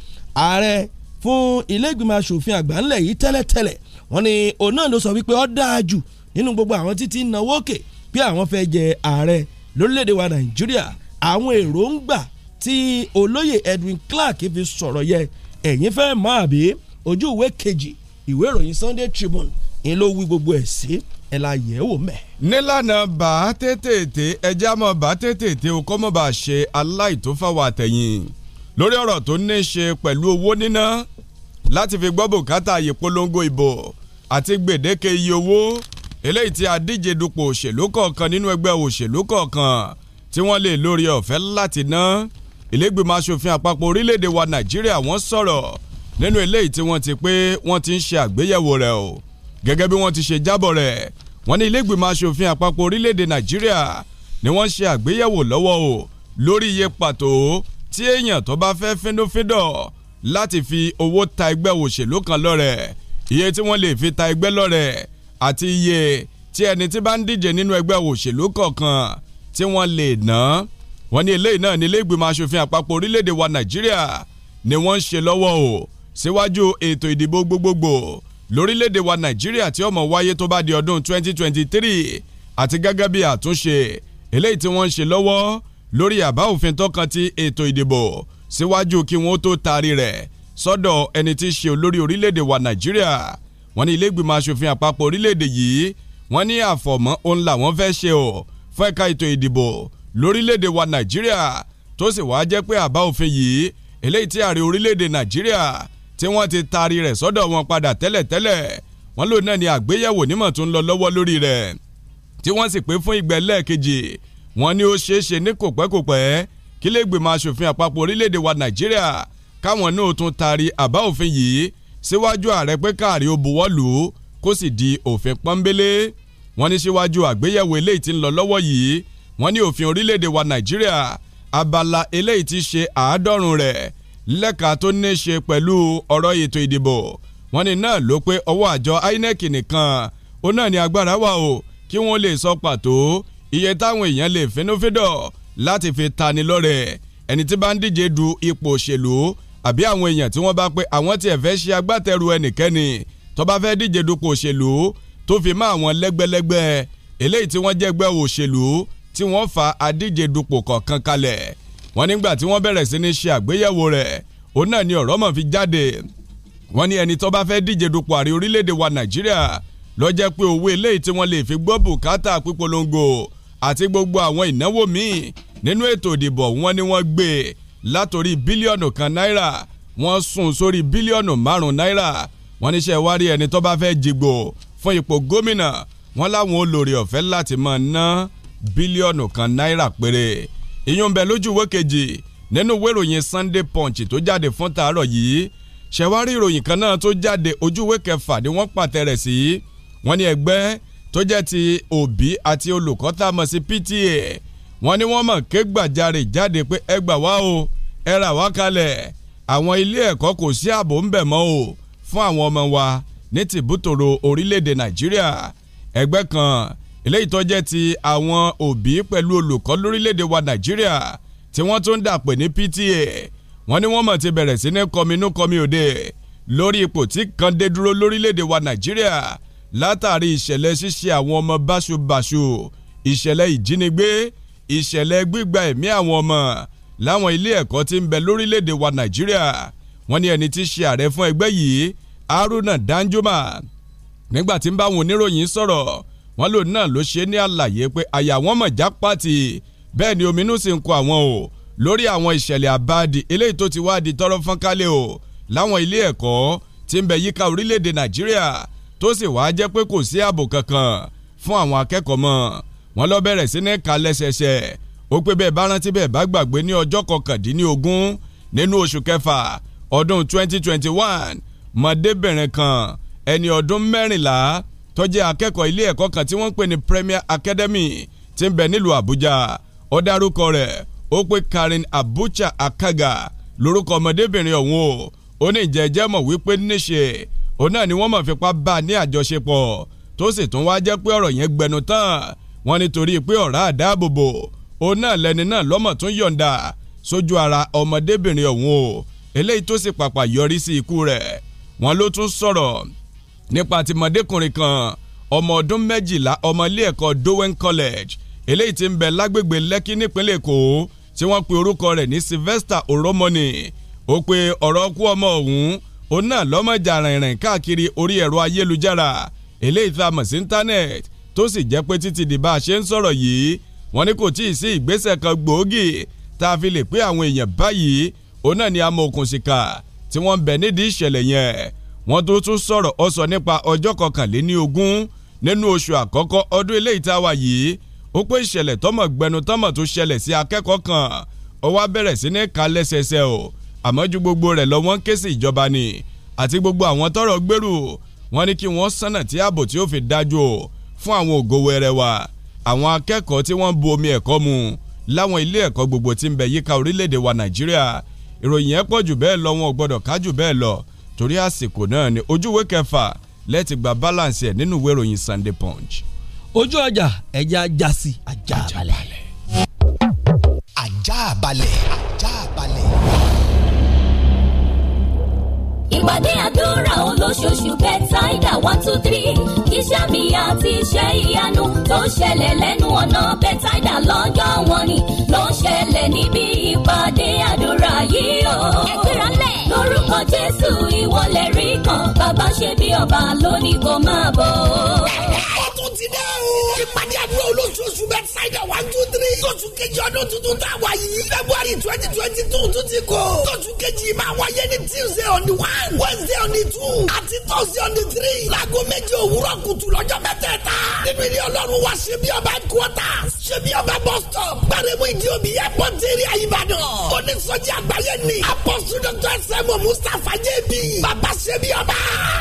ààrẹ fún ilé ìgbìmọ̀ asòfin àgbà ńlẹ̀ yìí tẹ́lẹ̀tẹ́lẹ̀ wọ́n ní òun náà ló sọ wípé ó dáa jù nínú gbogbo àwọn títí náwó òkè pé àwọn fẹ́ jẹ ààrẹ lórílẹ̀‐èdè wa nàìjíríà àwọn èròǹgbà tí olóyè Edwin Clark fi sọ̀rọ̀ yẹ ẹ̀yin fẹ́ mọ̀ àbí ojú ìwé kejì ìwé ìròyìn Sunday Tribune ń ló wí gbogbo ẹ̀ sí ẹ̀ la yẹ̀ wò mẹ́. nílànà bá tètè ẹja mọ̀ bá tètè o kọ́ bá ṣe aláìtófáwọ̀ àtẹ̀yìn lórí ọ̀rọ̀ tó ní ṣe pẹ̀lú owó níná láti fi gbọ́ bùkátà ìpolongo ìbò àti gbèdéke iye owó eléyìí tí adíje dupò òṣèlú kọ̀ọ̀kan nínú ẹgbẹ́ òṣèlú kọ̀ọ̀kan tí wọ́n lè lórí ọ̀fẹ́ láti ná ìlẹ́gbẹ̀mọ̀ aṣòfin àpapọ̀ orílẹ̀-èdè wa nàìjíríà wọ́n sọ̀rọ̀ nínú eléyìí tí wọ́n ti pé wọ́n ti ń ṣe àgbéyẹ̀wò rẹ̀ o gẹ́gẹ́ bí wọ́n ti ṣe jábọ̀ rẹ̀ wọ́n ní ìlẹ́gbẹ̀mọ̀ aṣòfin àpapọ̀ orílẹ̀-èdè nàìjíríà ni wọ́n ṣe àgbéyẹ̀wò lọ́wọ́ o lórí iye pàtó tí èèyàn tó bá fẹ́ fíndúfíndọ̀ láti fi owó ta ẹgbẹ́ òṣèlú kan lọ́rẹ̀ iye tí wọ́n lè fi ta ẹgbẹ́ lọ́rẹ̀ àti iye tí ẹni tí bá ń díje nínú ẹgbẹ́ òṣèlú kọ̀ọ̀kan tí wọ́n lè ná wọ́n ní eléyìí náà ní ilé ìgbìmọ̀ asòfin àpapọ̀ orílẹ̀-èdè wa Nàìjíríà ni wọ́n ń ṣe lọ́wọ́ o síwájú ètò ìdìbò gbogbogbò lórílẹ̀-èdè wa Nàìjíríà tí ó máa wáyé tó bá di ọdún 2023 àti gẹ́gẹ́ bí àtúnṣe eléyìí tí wọ́n ń ṣe lọ́wọ́ lórí àbá òfin tó kan ti ètò ìdìbò síwájú kí wọ́n tó taari rẹ̀ sọ́dọ̀ ẹni tí í ṣe olórí orílẹ̀-èdè wa Nàìjíríà wọ́n ní ilé ìgbìmọ̀ asòfin àpapọ̀ orílẹ̀-èdè yìí wọ́n ní àfọ̀mọ́ òun làwọn fẹ́ ṣe o fún ẹ̀ka ètò ìdìbò lórílẹ̀-èdè wa nàìjíríà tó sì wá jẹ́ pé àbá òfin yìí eléyìí tí ààrẹ orílẹ̀-èdè nàìjíríà tí wọ́n ti taari rẹ̀ sọ́dọ̀ wọn padà tẹ́lẹ̀tẹ́lẹ̀ wọ́n lò náà ní àgbéyẹ̀wò nímọ̀ tó ń lọ lọ́wọ́ lórí rẹ̀ tí wọ́n sì pé fún ìgbẹ́ lẹ́ẹ̀kejì wọ́n ní ó ṣeé ṣe ní kòpẹ́kòpẹ́ kí lè gbìmọ̀ asòfin àpapọ̀ orílẹ̀-èdè wa nàìjíríà káwọn náà tún taari àbá òfin yìí síwájú ààrẹ pé káàrí ó buwọ́ lù ú kó sì di òfin pọ́nbélé wọ́n ní síwájú àgbéyẹ̀wò eléyìí tí ń lọ lọ́wọ́ yìí wọ́n ní òfin orílẹ̀-èdè wa nàìjíríà abala eléyìí ti ṣe àádọ́rùn rẹ̀ lẹ́ka tó ní ṣe pẹ̀lú ọ̀rọ̀ ètò ìdìbò wọ́n ní náà ló pé ọwọ́ àjọ INEC nìkan ó náà ní agbára wà o kí wọ́n lè sọ pàtó iye táwọn èèyàn lè fínúfíndọ̀ láti fi tani lọ́rẹ̀ ẹni tí bá ń díje du ipò òṣèlú àbí àwọn èèyàn tí wọ́n bá pé àwọn tiẹ̀ fẹ́ ṣe agbátẹrù ẹnikẹ́ni tó bá fẹ́ díje dupò òṣèlú tó fi mọ́ àwọn lẹ́gbẹ́lẹ́gbẹ́ eléyìí tí wọ́n jẹ́gbẹ́ òṣèlú tí wọ́n fa adíje dupò kọ̀ọ̀kan kalẹ̀ wọ́n nígbà tí wọ́n bẹ̀rẹ̀ sí ní ṣe àgbéyẹ̀wò rẹ̀ òun náà ni ọ̀rọ̀ mọ̀ fi jáde wọ́n ní ẹni tó bá fẹ́ díje dupò ààrẹ orílẹ̀-èdè wa Nàìjíríà ló jẹ́ pé owó eléyìí tí wọ́n lè fi gbọ́ bùkátà pípolongo àti gbogbo àwọn ìnáwó míì nínú ètò ìdìbò wọn ni wọ́n gbé e látòrí bílíọ̀nù kan náírà wọ́n sún sórí bílíọ̀nù márùn-ún náírà wọ́n níṣẹ́ wárí ẹni tó bá fẹ́ jìgbò fún ipò gómìnà wọ́n láwọn olórí ọ̀fẹ́ láti máa ná bílíọ̀nù kan náírà péré ìyún bẹ lójú ìwé kejì nínú ìwé ìròyìn Sunday Punch tó jáde fún tàárọ̀ yìí ṣẹ̀wárí ìròyìn kan náà tó jáde ojú ìwé kẹfà ni wọ́n pàtẹ rẹ̀ sí wọ́n ní ẹgbẹ́ tó jẹ́ ti òbí àti olùkọ́ tá a mọ̀ sí PTA wọ́n ní wọ́n mọ̀ ké gbàjarè jáde pé ẹ gbà wá o ẹ rà wá kalẹ̀ àwọn ilé ẹ̀kọ́ kò sí ààbò ń bẹ̀ mọ́ o fún àwọn ọmọ wa ní tìbútòrò orílẹ̀-èdè nàìjíríà ẹgbẹ́ kan eléyìí tó jẹ́ ti àwọn òbí pẹ̀lú olùkọ́ lórílẹ̀-èdè wa nàìjíríà tí wọ́n tún dà pè ní PTA wọ́n ní wọ́n mọ̀ ti bẹ̀rẹ̀ sí ní kọminú kọmi òde lórí ipò tí kan dé dúró lórílẹ̀-èdè wa nàìjíríà látàrí ìṣẹ̀lẹ̀ ṣíṣe àwọn ọmọ báṣubàṣu ìṣẹ̀lẹ̀ ìjínigbé ìṣẹ̀lẹ̀ gbígba ẹ̀mí àwọn ọmọ láwọn ilé ẹ̀kọ́ tí ń bẹ lórílẹ̀‐èdè wa nàìjíríà wọ́n ní ẹni tí í ṣe ààrẹ fún ẹgbẹ́ yìí haruna danjuma nígbà tí ń bá àwọn oníròyìn sọ̀rọ̀ wọ́n lòun náà ló ṣe ní àlàyé pé àyà wọn mọ̀ já pàtì bẹ́ẹ̀ ni ominú sì ń kó àwọn o lórí àwọn ìṣẹ̀lẹ̀ àbáàdì eléyìí tó ti wá di tọ́rọ́ fọ́nkálẹ̀ o láwọn ilé ẹ̀kọ́ tí ń bẹ yíká orílẹ̀-èdè nàìjíríà tó sì wáá jẹ́ pé kò sí ààbò kankan fún àwọn akẹ́kọ̀ọ́ mọ́ wọn lọ bẹ̀rẹ̀ sí ní kalẹ́sẹsẹ ó pé bẹ́ẹ̀ bá rántí bẹ́ẹ̀ bá gbàgbé ní ọjọ́ kọkàndínlógún nínú oṣù kẹfà ọdún 2021 mọ̀débìnrin kan ẹni ọdún mẹ́rìnlá tó jẹ́ akẹ́kọ̀ọ́ ilé ẹ̀kọ́ kan tí wọ́n ń pè ní Premier Academy tí ń bẹ nílùú Àbújá ó dárúkọ rẹ̀ ó pé Karen Abucha Akaga lórúkọ ọmọdébìnrin ọ̀hún o ó ní ìjẹ́jẹ́ mọ̀ wípé níṣe òun náà ni wọ́n mọ̀ fipá bá a ní àjọṣepọ̀ tó sì tún wá jẹ́ pé ọ̀rọ̀ yẹn gbẹnu tán wọ́n nítorí pé ọ̀rá àdáàbòbò òun náà lẹni náà lọ́mọ̀ tún yọ̀ǹda sójú ara ọmọdébìnrin ọ̀hún o eléyìí tó sì pàpà yọrí sí ikú rẹ̀ wọ́n ló tún sọ̀rọ̀ nípa tìmọ̀dékùnrin kan ọmọ ọdún méjìlá ọmọ ẹ̀kọ́ Dowen College eléyìí tí ń bẹ lágbègbè Lẹ́kí nípínlẹ̀ Èkó tí wọ́n pe orúkọ rẹ̀ ní Sylvester Oromoni ó pe ọ̀rọ̀ kú ọmọ ọ̀hún òun náà lọ́mọjà rìnrìn káàkiri orí ẹ̀rọ ayélujára eléyìí tá a mọ̀ sí íńtánẹ́ẹ̀tì tó sì jẹ́ pé títí di bá a ṣe ń sọ̀rọ̀ yìí wọ́n ní kò tíì sí ìgbésẹ̀ kan gbòógì tá a fi lè pé àwọn èèyàn báyìí òun náà ni amòòkùnsìkà tí wọ́n ń bẹ nídìí ìṣẹ̀lẹ̀ yẹn wọ́n tó tún sọ̀rọ̀ ọ sọ nípa ọjọ́ kọkànléní ogún nínú oṣù àkọ́kọ́ ọdún eléyìí tá a wà yìí ó pé ìṣẹ̀lẹ̀ tọmọ gbẹnu tọmọ tó ṣẹlẹ̀ sí akẹ́kọ̀ọ́ kan ó wá bẹ̀rẹ̀ sí ní ka lẹ́sẹsẹ o àmọ́ ju gbogbo rẹ̀ lọ wọ́n ké sí ìjọba ni àti gbogbo àwọn tọ́rọ̀ gbèrú wọ́n ní kí wọ́n sànà tí ààbò tí ó fi dájú o fún àwọn ògo wẹrẹ wa àwọn akẹ́kọ̀ọ́ tí wọ́n bu omi ẹ̀kọ́ mu láwọn ilé ẹ̀kọ́ gbogbo tí ń bẹ yíká orílẹ̀-èdè wa nàìjíríà ìròyìn yẹn pọ̀ jù bẹ́ẹ̀ lọ wọn ò gbọ́dọ̀ ká jù bẹ́ẹ̀ lọ torí àsìkò náà ni ojúwe kẹfà lẹ́ẹ̀tì gba balance ẹ̀ nínú ìwé ìròyìn Sunday Punch. ojú ọjà ẹja ajá sí ajá balẹ̀. ajá balẹ̀ ajá balẹ̀ ìpàdé àdúrà olóṣooṣù bẹ́tàìdà one two three iṣẹ́ mi àti iṣẹ́ ìyanu tó ń ṣẹlẹ̀ lẹ́nu ọ̀nà bẹ́tàìdà lọ́jọ́ wọn ni ló ń ṣẹlẹ̀ níbi ìpàdé àdúrà yìí o. ẹgbẹ́ra lẹ̀. lórúkọ jésù ìwọlẹ̀ rí kan bàbá ṣe bí ọba lónìí kò máa bọ̀ ti dẹ́ o. ìpàdé àdúrà olóṣooṣù bẹ́ẹ̀ ṣáìdà one two three. tóṣù kejì ọdún tuntun tá a wà yìí. february twenty twenty two tún ti kó. tóṣù kejì máa wáyé ní tuesday on the one wednesday on the two àti thursday on the three. láago méje òwúrọ̀ kùtù lọ́jọ́ mẹ́tẹ̀ẹ̀ta. nínú ilé ọlọ́run wa ṣe bí ọba quarters ṣe bí ọba bus stop. gbàrẹ́mú ìdí omi airport area ìbàdàn. onísọjí àgbáyé ni apọ́sù dr sm mustapha jẹ́bi. bàbá ṣe bí ọba.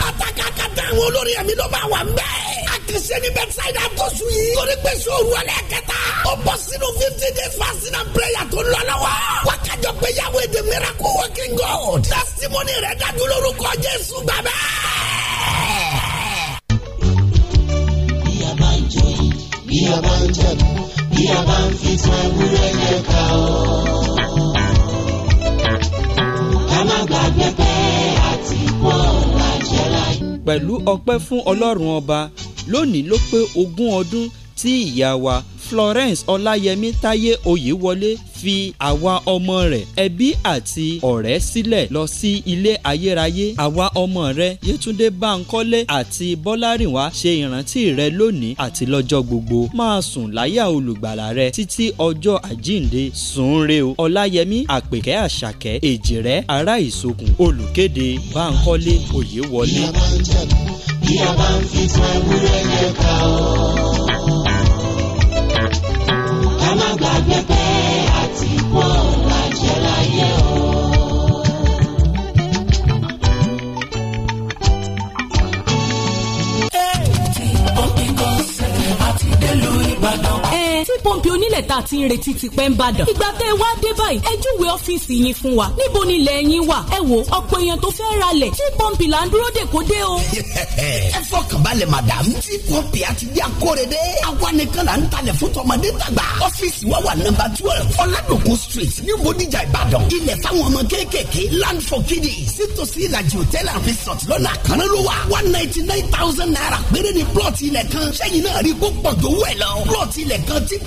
àtàkàkàtà àwọn olórí ẹ̀mí ló bá wà ń bẹ́ẹ̀ ti ṣe ní bẹ́tísáìdì àtọ́sù yìí. torí pé sóòrù ẹlẹ́kẹta. ó bọ́ sínú fifty day fasting and prayer tó lọ lọ́wọ́. wákàjọ pé yàwó èdè miracle working God. testimony rẹ̀ dájú lórúkọ Jésù bàbá. pẹ̀lú ọpẹ́ fún ọlọ́run ọba lónìí ló pé ogún ọdún tí ìyá wa Florence Ọláyẹmí Táyé Oyèwọlé fi àwa ọmọ rẹ̀ ẹbí àti ọ̀rẹ́ sílẹ̀ lọ sí ilé ayérayé àwa ọmọ rẹ̀ yetunde bankole àti Bọ́lárìnwá ṣe ìrántí rẹ lónìí àti lọ́jọ́ gbogbo máa sùn láyà olùgbàlà rẹ títí ọjọ́ àjíǹde sùn re o Ọláyẹmí Àpèkẹ́ Àṣàkẹ́ Èjìrẹ́ ará ìsokùn olùkéde Bánkọ́lé Oyèwọlé. bí a bá ń fi tún ewúrẹ́ yẹn ká ọ́. alágbàgbé kan. pọ́ǹpì onílẹ̀ tá a ti ń retí ti pẹ́ ń bàdàn. ìgbà tẹ́ ẹ wá dé báyìí ẹ júwe ọ́fíìsì yín fún wa níbo ni ilẹ̀ yín wà ẹ wo ọ̀pọ̀ èèyàn tó fẹ́ ra lẹ̀ tí pọ́ǹpì là ń dúró dè kó dé o. ẹ fọkàn balẹ̀ madam tí pọ́ǹpì àti bí akóredé àwa nìkan là ń talẹ̀ fún tọmọdé tàgbà ọ́fíìsì wa wà nọ́mbà twelve ọ̀làdòkun street ní bodijà ìbàdàn ilẹ̀ fáwọn ọmọ kéékèèké land for kiddies sítòsí hotel and resort lọ́nà àkànná one ninety nine thousand naira péré ni plọ̀tì ilẹ̀ kan sẹ́yìn náà rí gbó pọ̀ tó wẹ̀ lọ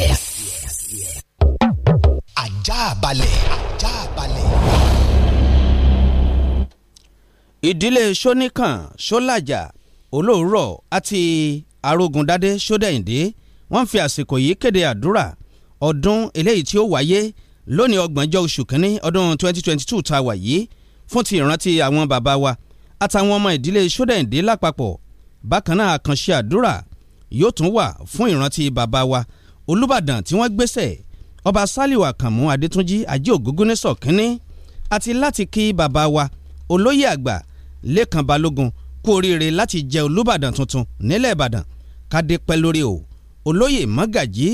yes. ajá balẹ̀ ajá balẹ̀. ìdílé sọ́nìkàn sọ́làjà olóòrọ̀ àti arógundádé sódẹ̀yìndé wọ́n fi àsìkò yìí kéde àdúrà ọdún eléyìí tí ó wáyé lónìí ọgbọ̀njọ́ oṣù kínní ọdún 2022 tá wà yìí fún ti ìrántí àwọn bàbá wa àtàwọn ọmọ ìdílé sódẹ̀yìndé lápapọ̀ bákan náà àkànṣe àdúrà yóò tún wà fún ìrántí bàbá wa olùbàdàn tí wọ́n gbéṣẹ̀ ọba saliu àkànmú adetunji ajé ògúngúnnísọ̀ kínní àti láti kí bàbá wa olóyè àgbà lẹ́kàn balógun kú oríire láti jẹ olùbàdàn tuntun nílẹ̀ ìbàdàn kádé pẹ́ lórí o olóyè mọ́gàjì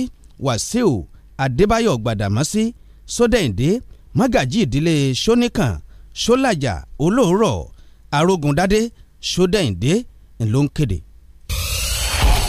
wàsíù adébáyọ̀ gbàdàmọ́sí sódẹ̀ǹdé mọ́gàjì ìdílé sónìkàn sólàjà olóòrọ̀ arógundádé sódẹ̀ǹdé ńlọ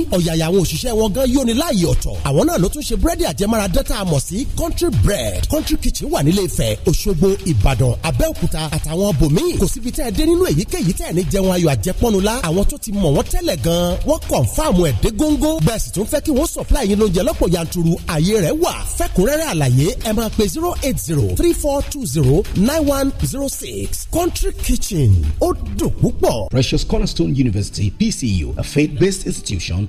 ní ọ̀yàyà àwọn òṣìṣẹ́ wọn gan yóni láàyè ọ̀tọ̀ àwọn náà ló tún ṣe búrẹ́dì àjẹmára dẹ́ta àmọ̀ sí country bread country kitchen wà nílé Ifẹ̀ Òṣogbo Ìbàdàn Abẹ́òkúta àtàwọn bòmíì kò síbi tẹ́ ẹ dé nínú èyíkéyìí tẹ́ ẹ ní jẹun ayọ̀ àjẹpọ́nu la àwọn tó ti mọ̀ wọ́n tẹ́lẹ̀ gan wọ́n kọ̀ǹfàmù ẹ̀ dé góńgó bẹ́ẹ̀ sì tún zero eight zero three four two zero nine one zero six country kitchen ó Precious Cornerstone University PCU a faith-based institution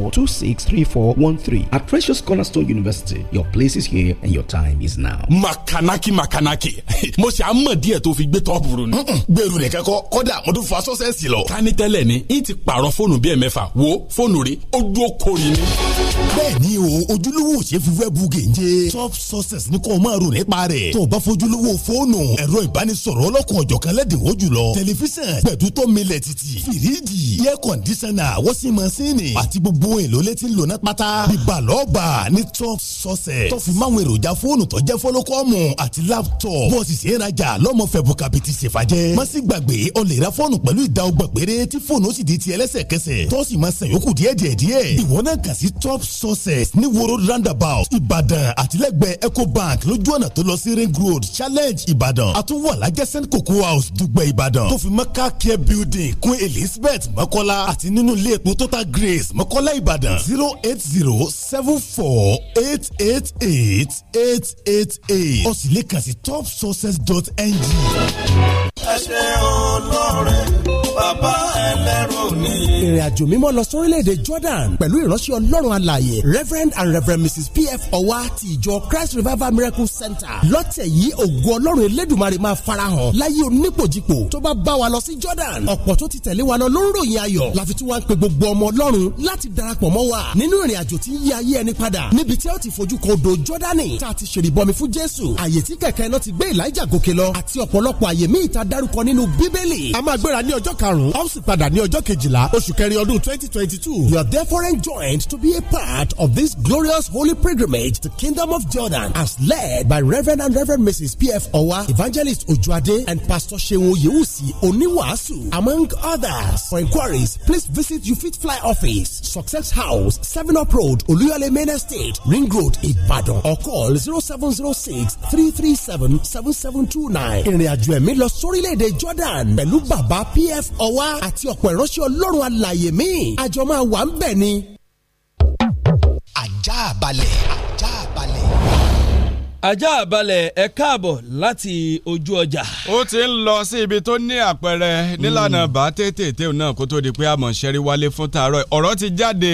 Four four two six three one three At Precious Cornerstone University, your place is here and your time is now. Makanaki Makanaki. *laughs* Mo ṣe àmọ̀ díẹ̀ tó fi gbé tọ́pù rò ní. Gbèrú nìkan kọ́, kọ́dà mo tún fa sọ́sẹ̀sì lọ. Tani tẹ́lẹ̀ ni, n ti pààrọ̀ fóònù bíi ẹ̀mẹ́fà. Wo fóònù rí, ó dúró kórìí ni. Bẹ́ẹ̀ni o, ojúlówó ṣe fífẹ́ bu gèje. Top success ni kò máa rò nípa rẹ̀. Tó o bá fojúlówó fóònù, ẹ̀rọ ìbánisọ̀rọ̀ ọlọ́kùn ọ̀jọ̀kan lẹ́dínwó jùlọ. Tẹlifíṣàn, gbẹ̀dútọ́ milẹ̀ títì, fìríjì, air conditioner, wọ́sí masínì àti gbogbo ohun èlò létí ń lò náà pátá ìbàlọ́ọ̀bà ní top success tó fi máwọn èròjà fóònù tó jẹ́ fọ́lọ́kọ́ọ̀mù àti laptop bọ́ọ̀sì sí ìrajà lọ́mọ fẹ̀bù kàbìtì ṣèfàjẹ́ má sì gbàgbé o lè ra fóònù pẹ̀lú ìdá ọgbà péré tí fóònù ó sì di tiẹ̀ lẹ́sẹ̀kẹsẹ̀ tó sì máa sàn yòókù díẹ̀ díẹ̀ díẹ̀ ìwọ náà kà sí top success ní woro roundabout ìbàdàn àtìlẹ́gbẹ̀ẹ́ ecobank lójú ọ̀nà tó lọ sí ring road challenge ìbàdàn àtúwọ̀ alájẹsẹ́ni cocoa house dùgbẹ̀ ìbàdàn tó fi mọ́ care building kún elizabeth mọ́kọ́lá àti nínú ilé epo total grace mọ́kọ́lá mọ́kọ́lá ìbàdàn zero eight zero seven four eight eight eight eight eight eight ó sì lè kàn sí ng ẹṣẹ olóore bàbá ẹlẹ́rù ni. ìrìn àjò mímọ́ lọ sórílẹ̀-èdè Jordan pẹ̀lú ìránṣẹ́ ọlọ́run alààyè Reverend and Reverend Mrs P.F. Ọwa ti ìjọ Christ Revival Miracle Center lọ́tẹ̀ yìí ògo ọlọ́run elédùnmarè máa farahàn láyé onípòjìpò tó bá bá wa lọ sí Jordan ọ̀pọ̀ tó ti tẹ̀lé wa lọ ló ń ròyìn ayọ̀ láfi tí wọ́n ń pe gbogbo ọmọ ọlọ́run láti darapọ̀ mọ́ wa nínú ìrìn àjò tí ń yí ayé ẹni padà níbi tí ó ti fojú kan odò Jọ́dánì tá a ti ṣèrìbọmi fún Jésù àyè tí dárúkọ nínú bíbélì. a máa gbéra ní ọjọ́ karùn-ún a ó sì padà ní ọjọ́ kejìlá oṣù kẹrin ọdún twenty twenty two. you are therefore enjoined to be a part of this glorious holy pilgrimage to the kingdom of Jordan as led by Reverend and Reverend Mrs. P.F. Owa, Evangelist Ojuade and Pastor Shewo Yewusi Oniwasu among others. For inquiries, please visit UFIT Fly Office, Success House, Seven Up Road, Oluyale Main Estate, Ring Road, Ibadan or call zero zero seven seven seven six three three 0706 337 7729. Ìrìnàjò ẹ̀mí lọ sórílẹ̀ orílẹ̀-èdè Jordan pẹ̀lú bàbá PF ọwá àti ọ̀pọ̀ ìránṣẹ́ ọlọ́run alàyè míì àjọ máa wà ń bẹ̀ ni. ajá balẹ̀ ajá balẹ̀. ajá balẹ̀ ẹ káàbọ̀ láti ojú ọjà. ó ti ń lọ sí ibi tó ní àpẹẹrẹ nílànà hmm. bá tètè náà kó tó di pé àmọ̀ wálé fún tààrọ̀ ọ̀rọ̀ ti jáde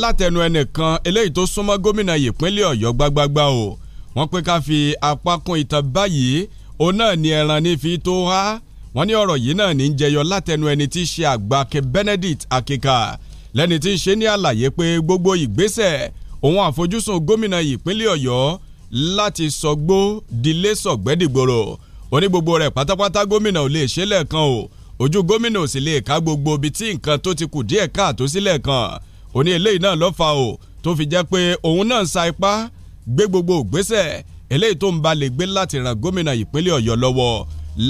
látẹnu ẹnìkan eléyìí tó súnmọ́ gómìnà ìpínlẹ̀ Ọ̀yọ́ gbágbágbá o wọ́n pé ká fi apá ìtàn báyìí òun náà ni ẹran ní fi tó há wọ́n ní ọ̀rọ̀ yìí náà ní jẹyọ látẹnu ẹni tí í ṣe àgbà ke Benedict Akika lẹ́ni tí í ṣe ní àlàyé pé gbogbo ìgbésẹ̀ òun àfojúsùn gómìnà ìpínlẹ̀ Ọ̀yọ́ láti sọgbó dilé sọ̀gbẹ́dìgbòrò ó ní gbogbo rẹ̀ pátápátá gómìnà ò lè ṣe lẹ́ẹ̀kan o ojú gómìnà ò sì lè ká gbogbo ibi tí nǹkan tó ti kù díẹ̀ káàtó sílẹ̀ kan ó ní eléyìí náà ló fà o tó fi jẹ́ pé òun náà ń sa ipá gbé gbogbo ògbésẹ̀ eléyìí tó ń ba lè gbé láti ran gómìnà ìpínlẹ̀ ọ̀yọ́ lọ́wọ́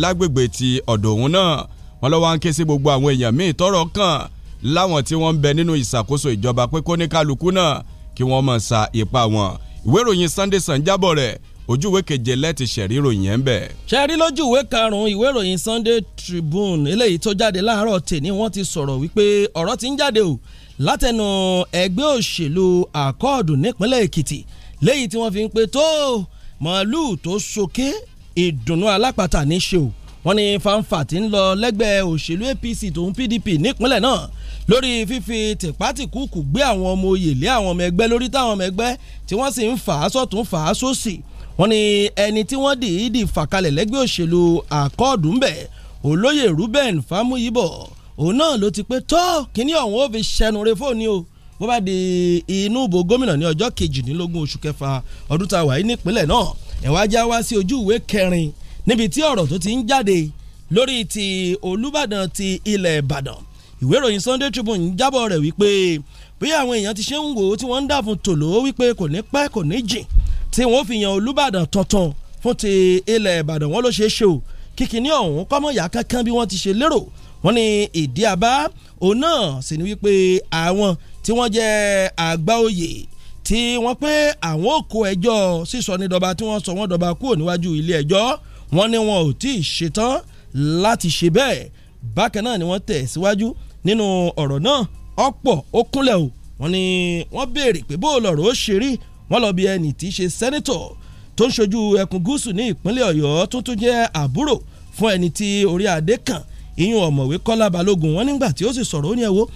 lágbègbè ti ọ̀dọ̀ òun náà wọ́n lọ́wọ́ ń ké sí gbogbo àwọn èèyàn míì tọ́rọ̀ kàn láwọn tí wọ́n ń bẹ nínú ìṣàkóso ìjọba pé kó náà kí wọ́n mọ̀ sa ipa wọn ìwé ìròyìn Sunday Sun jábọ̀ rẹ̀ ojú ìwé keje lẹ́ti ṣẹ̀rí ìròyìn ẹ̀ ń bẹ̀. ṣẹ́rí lójú ìwé karùn-ún ìwé ìròyìn Sunday Tribune eléyìí tó jáde láàárọ̀ tèmi wọ́n ti sọ̀rọ̀ wípé ọ̀rọ̀ ti ń jáde o látẹnu ẹgbẹ́ òṣèlú àkọọ̀dù nípínlẹ̀ Èkìtì léyìí tí wọ́n fi ń pe tó màálùú tó soké ìdùnnú alápatà ní ṣe o wọ́n ní fanfa tí ń lọ lẹ́gbẹ́ òṣèlú APC tòun PDP nípínlẹ̀ náà lórí fífi tìpátìkúùkù gbé àwọn ọmọ oyè lé àwọn ọmọ ẹgbẹ́ lórí táwọn ọmọ ẹgbẹ́ tí wọ́n sì ń fà á sọ̀tún fà á sósì wọ́n ní ẹni tí wọ́n dìídì fàkalẹ̀ lẹ́gbẹ́ òṣèlú àkọọdù olóyè Ruben Famuyibo òun náà ló ti pé tó kíní ọ̀hún ó fi ṣẹnu re fóònù o bó bá di inú ìbò gómìnà ní ọjọ́ kejìdínlógún oṣù kẹfà ọdún tá a wà yìí nípínlẹ̀ náà ẹ̀wájá wá sí ojú ìwé kẹrin níbi tí ọ̀rọ̀ tó ti ń jáde lórí ti Olúbàdàn ti ilẹ̀ Ìbàdàn ìwé ìròyìn Sunday Tribune ń jábọ̀ rẹ̀ wípé bí àwọn èèyàn ti ṣe ń wò ó tí wọ́n ń dàbùn tòló wípé kò ní pẹ́ kò ní jìn tí wọ́n fi yan Olúbàdàn tuntun fún ti ilẹ̀ Ìbàdàn wọn ló ṣeé ṣe o kíkiní ọ̀hún kọ́mọ̀yà kankan bí wọ́n ti ṣe lérò wọ́n ní ìdí àbá òun náà sì ni wípé àwọn tí wọ́n jẹ́ àgbà oyè tí wọ́n pé àwọn ò kó ẹjọ́ sísọ ní dọba tí wọ́n sọ wọ́n dọba kúrò níwájú ilé ẹjọ́ wọ́n ní wọn ò tí ì ṣetán láti ṣe bẹ́ẹ̀ bákan náà ni wọ́n tẹ̀ síwájú nínú ọ̀rọ̀ náà ọ̀pọ̀ ó kúnlẹ̀ o wọ́n ní wọ́n béèrè pé bó lọ̀rọ̀ ó ṣe rí wọ́n lọ bí ẹnì tí í ṣe sẹ́nítọ̀ tó ń ṣojú ẹkùn gúúsù ní ìpínlẹ̀ ọ̀yọ́ tó jẹ́ àbúrò fún ẹni tí orí adé kàn ìyún ọ̀mọ̀wé kọ́lá balógun wọn nígbà tí ó sì sọ̀rọ̀ ó ní ẹ̀wọ́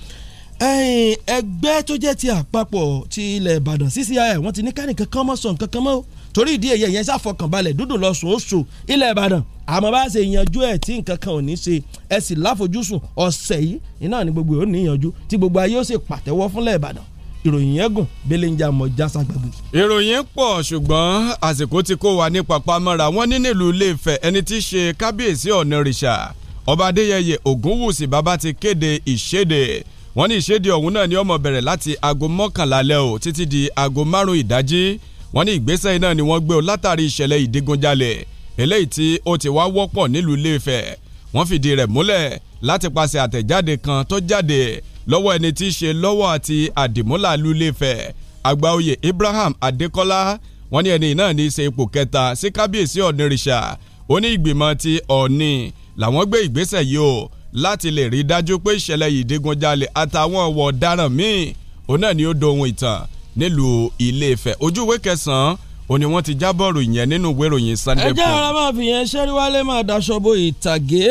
ẹgbẹ́ tó jẹ́ ti àpapọ̀ ti ilẹ̀ ìbàdàn CCI wọ́n ti ní kẹ́nìkan kan mọ́ sọ nǹkan kan mọ́ o torí ìdí èyí ẹ̀yẹn ṣàfọkànbalẹ̀ dúdú lọ sùn ó sùn ilẹ̀ ìbàdàn àmọ́ bá ṣe yanjú ẹ̀ tí nǹkan kan ò ní ṣe ẹ sì láfojúsùn ọ̀sẹ̀ yìí iná ni gbogbo ò ní yanjú tí gbogbo ayé ó sì pàtẹ́wọ́ fúnlẹ̀ ìbàdàn ìròyìn yẹn gùn bẹ́lẹ̀ ń jà ìròyìn pọ̀ ṣùgbọ́n àsìkò tí kò wà ní pàpamọ́ra wọn ní nílùú Ilé-Ifẹ̀ ẹni tí ṣe kábíyèsí ọ̀nà rìṣà ọba adéyẹyẹ ògúnwùsì bàbá ti kéde ìṣèdè wọ́n ní ìṣèdè ọ̀hún náà ni ó máa bẹ̀rẹ̀ láti aago mọ́kànlá lẹ́ o títí di aago márùn-ún ìdájí wọ́n ní ìgbésẹ̀ náà ni wọ́n gbé o látàrí ìṣẹ̀lẹ̀ ìdigunjalè eléyìí tí ó ti wá wọ́pọ̀ nílùú Ilé-Ifẹ̀ fìdí rẹ̀ múlẹ̀ láti paṣẹ àtẹ̀jáde kan tó jáde lọ́wọ́ ẹni tí í ṣe lọ́wọ́ àti àdìmúlà ìlú Ilé-Ifẹ̀ Ibrahim Adékọ́lá wọ́n ní ẹni náà ní í ṣe ipò kẹta sí kábíyèsí Ọ̀nìrìṣà oní ìgbìmọ̀ ti Ọ̀ọ̀ni làwọn gbé ìgbésẹ̀ yìí o láti lè rí dájú pé ìṣẹ̀lẹ̀ yìí digunjalè àtàwọn ọ̀wọ̀ ọ̀daràn míì òun náà ni ó dohun ìtàn nílùú Ilé-Ifẹ̀ ojú ìwé kẹsàn-án òní wọ́n ti jábọ̀rò ìyẹn nínú ìwé ìròyìn Sunday Punch. ẹ jẹ́ ara máa fi yẹn ṣẹ́rí wálé máa daṣọ bo ìtàgé